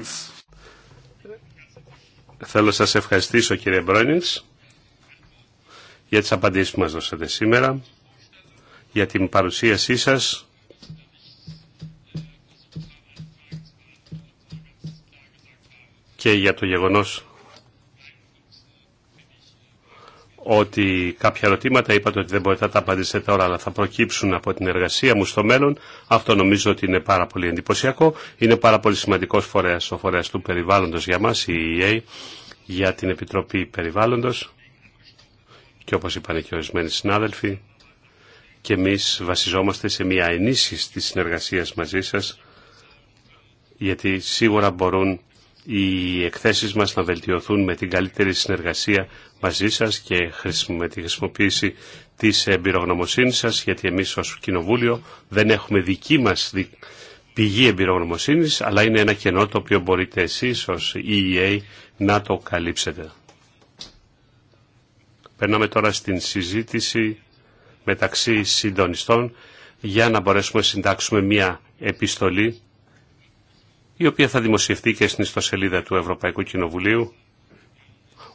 Θέλω σας ευχαριστήσω κύριε Μπρόνινς για τις απαντήσεις που μας δώσατε σήμερα, για την παρουσίασή σας και για το γεγονός ότι κάποια ερωτήματα είπατε ότι δεν μπορείτε να τα απαντήσετε τώρα αλλά θα προκύψουν από την εργασία μου στο μέλλον. Αυτό νομίζω ότι είναι πάρα πολύ εντυπωσιακό. Είναι πάρα πολύ σημαντικός φορέας, ο φορέας του περιβάλλοντος για μας, η EA, για την Επιτροπή Περιβάλλοντος και όπως είπαν και ορισμένοι συνάδελφοι και εμείς βασιζόμαστε σε μια ενίσχυση της συνεργασίας μαζί σας γιατί σίγουρα μπορούν οι εκθέσεις μας να βελτιωθούν με την καλύτερη συνεργασία μαζί σας και με τη χρησιμοποίηση της εμπειρογνωμοσύνη σας, γιατί εμείς ως Κοινοβούλιο δεν έχουμε δική μας πηγή εμπειρογνωμοσύνης, αλλά είναι ένα κενό το οποίο μπορείτε εσείς ως EEA να το καλύψετε. Περνάμε τώρα στην συζήτηση μεταξύ συντονιστών για να μπορέσουμε να συντάξουμε μία επιστολή η οποία θα δημοσιευτεί και στην ιστοσελίδα του Ευρωπαϊκού Κοινοβουλίου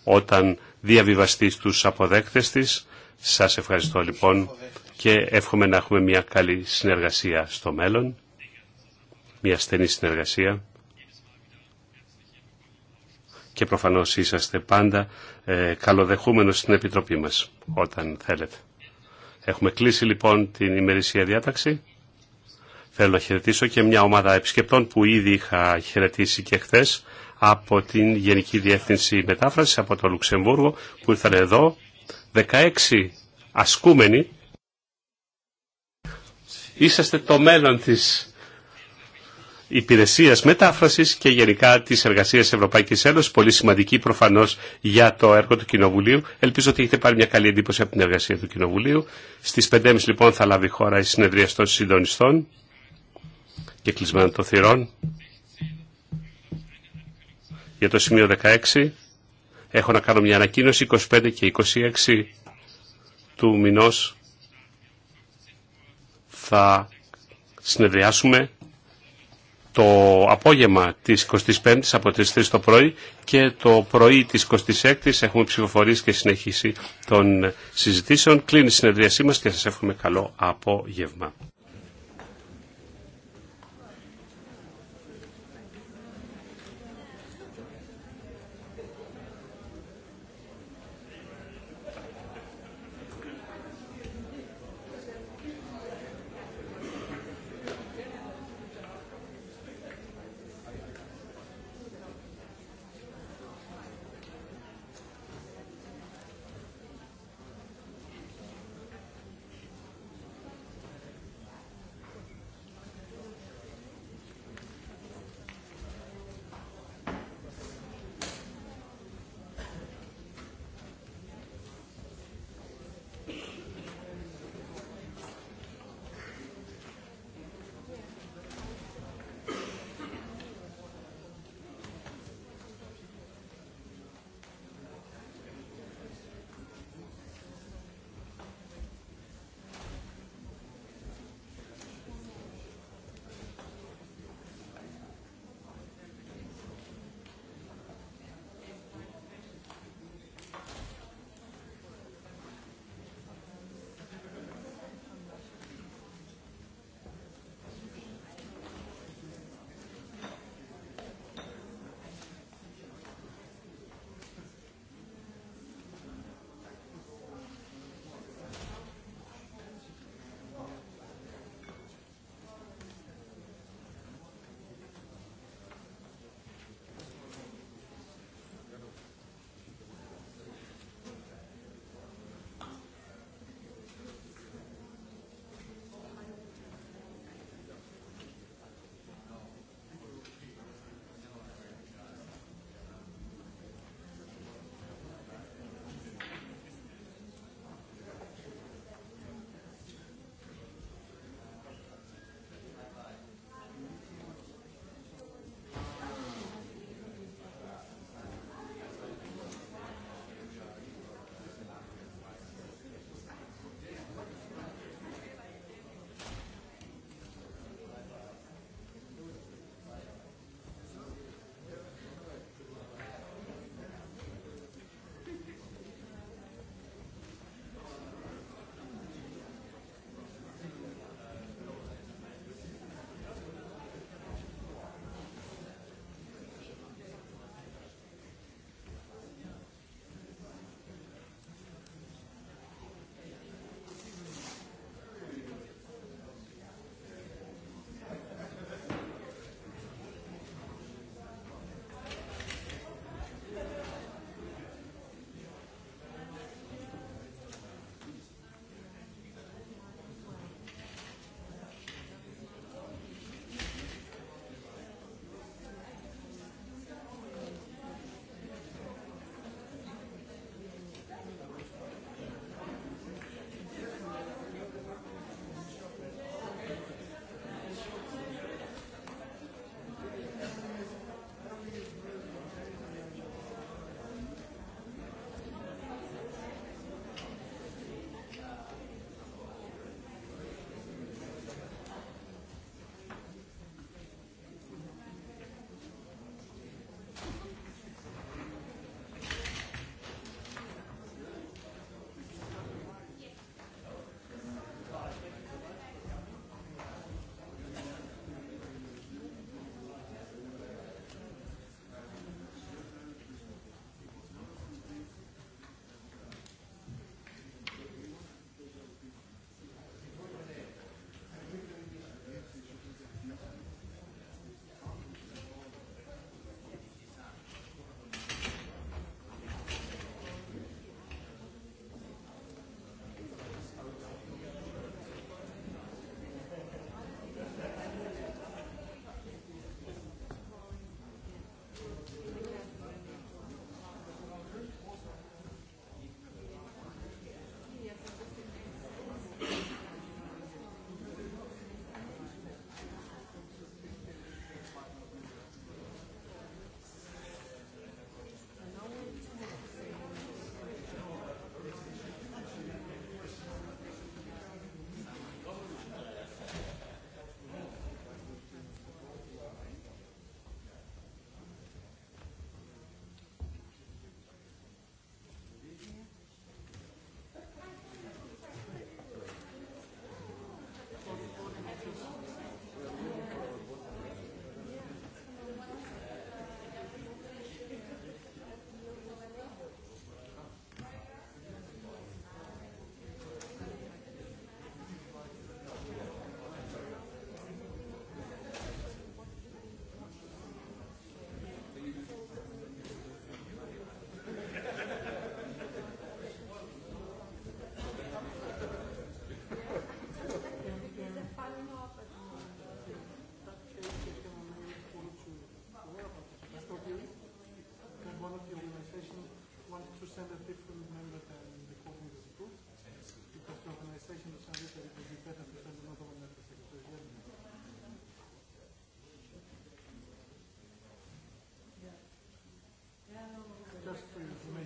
όταν διαβιβαστεί στους αποδέκτες της. Σας ευχαριστώ λοιπόν και εύχομαι να έχουμε μια καλή συνεργασία στο μέλλον, μια στενή συνεργασία και προφανώς είσαστε πάντα ε, καλοδεχούμενος στην Επιτροπή μας όταν θέλετε. Έχουμε κλείσει λοιπόν την ημερησία διάταξη. Θέλω να χαιρετήσω και μια ομάδα επισκεπτών που ήδη είχα χαιρετήσει και χθε από την Γενική Διεύθυνση μετάφραση από το Λουξεμβούργο που ήρθαν εδώ 16 ασκούμενοι είσαστε το μέλλον της υπηρεσίας μετάφρασης και γενικά της εργασίας Ευρωπαϊκής Ένωσης, πολύ σημαντική προφανώς για το έργο του Κοινοβουλίου. Ελπίζω ότι έχετε πάρει μια καλή εντύπωση από την εργασία του Κοινοβουλίου. Στις 5.30 λοιπόν θα λάβει χώρα η συνεδρία των συντονιστών και κλεισμένο των θυρών. Για το σημείο 16 έχω να κάνω μια ανακοίνωση 25 και 26 του μηνός θα συνεδριάσουμε το απόγευμα της 25ης από τις 3 το πρωί και το πρωί της 26ης έχουμε ψηφοφορίες και συνεχίσει των συζητήσεων. Κλείνει η συνεδρίασή μας και σας εύχομαι καλό απόγευμα.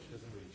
Ευχαριστώ πολύ.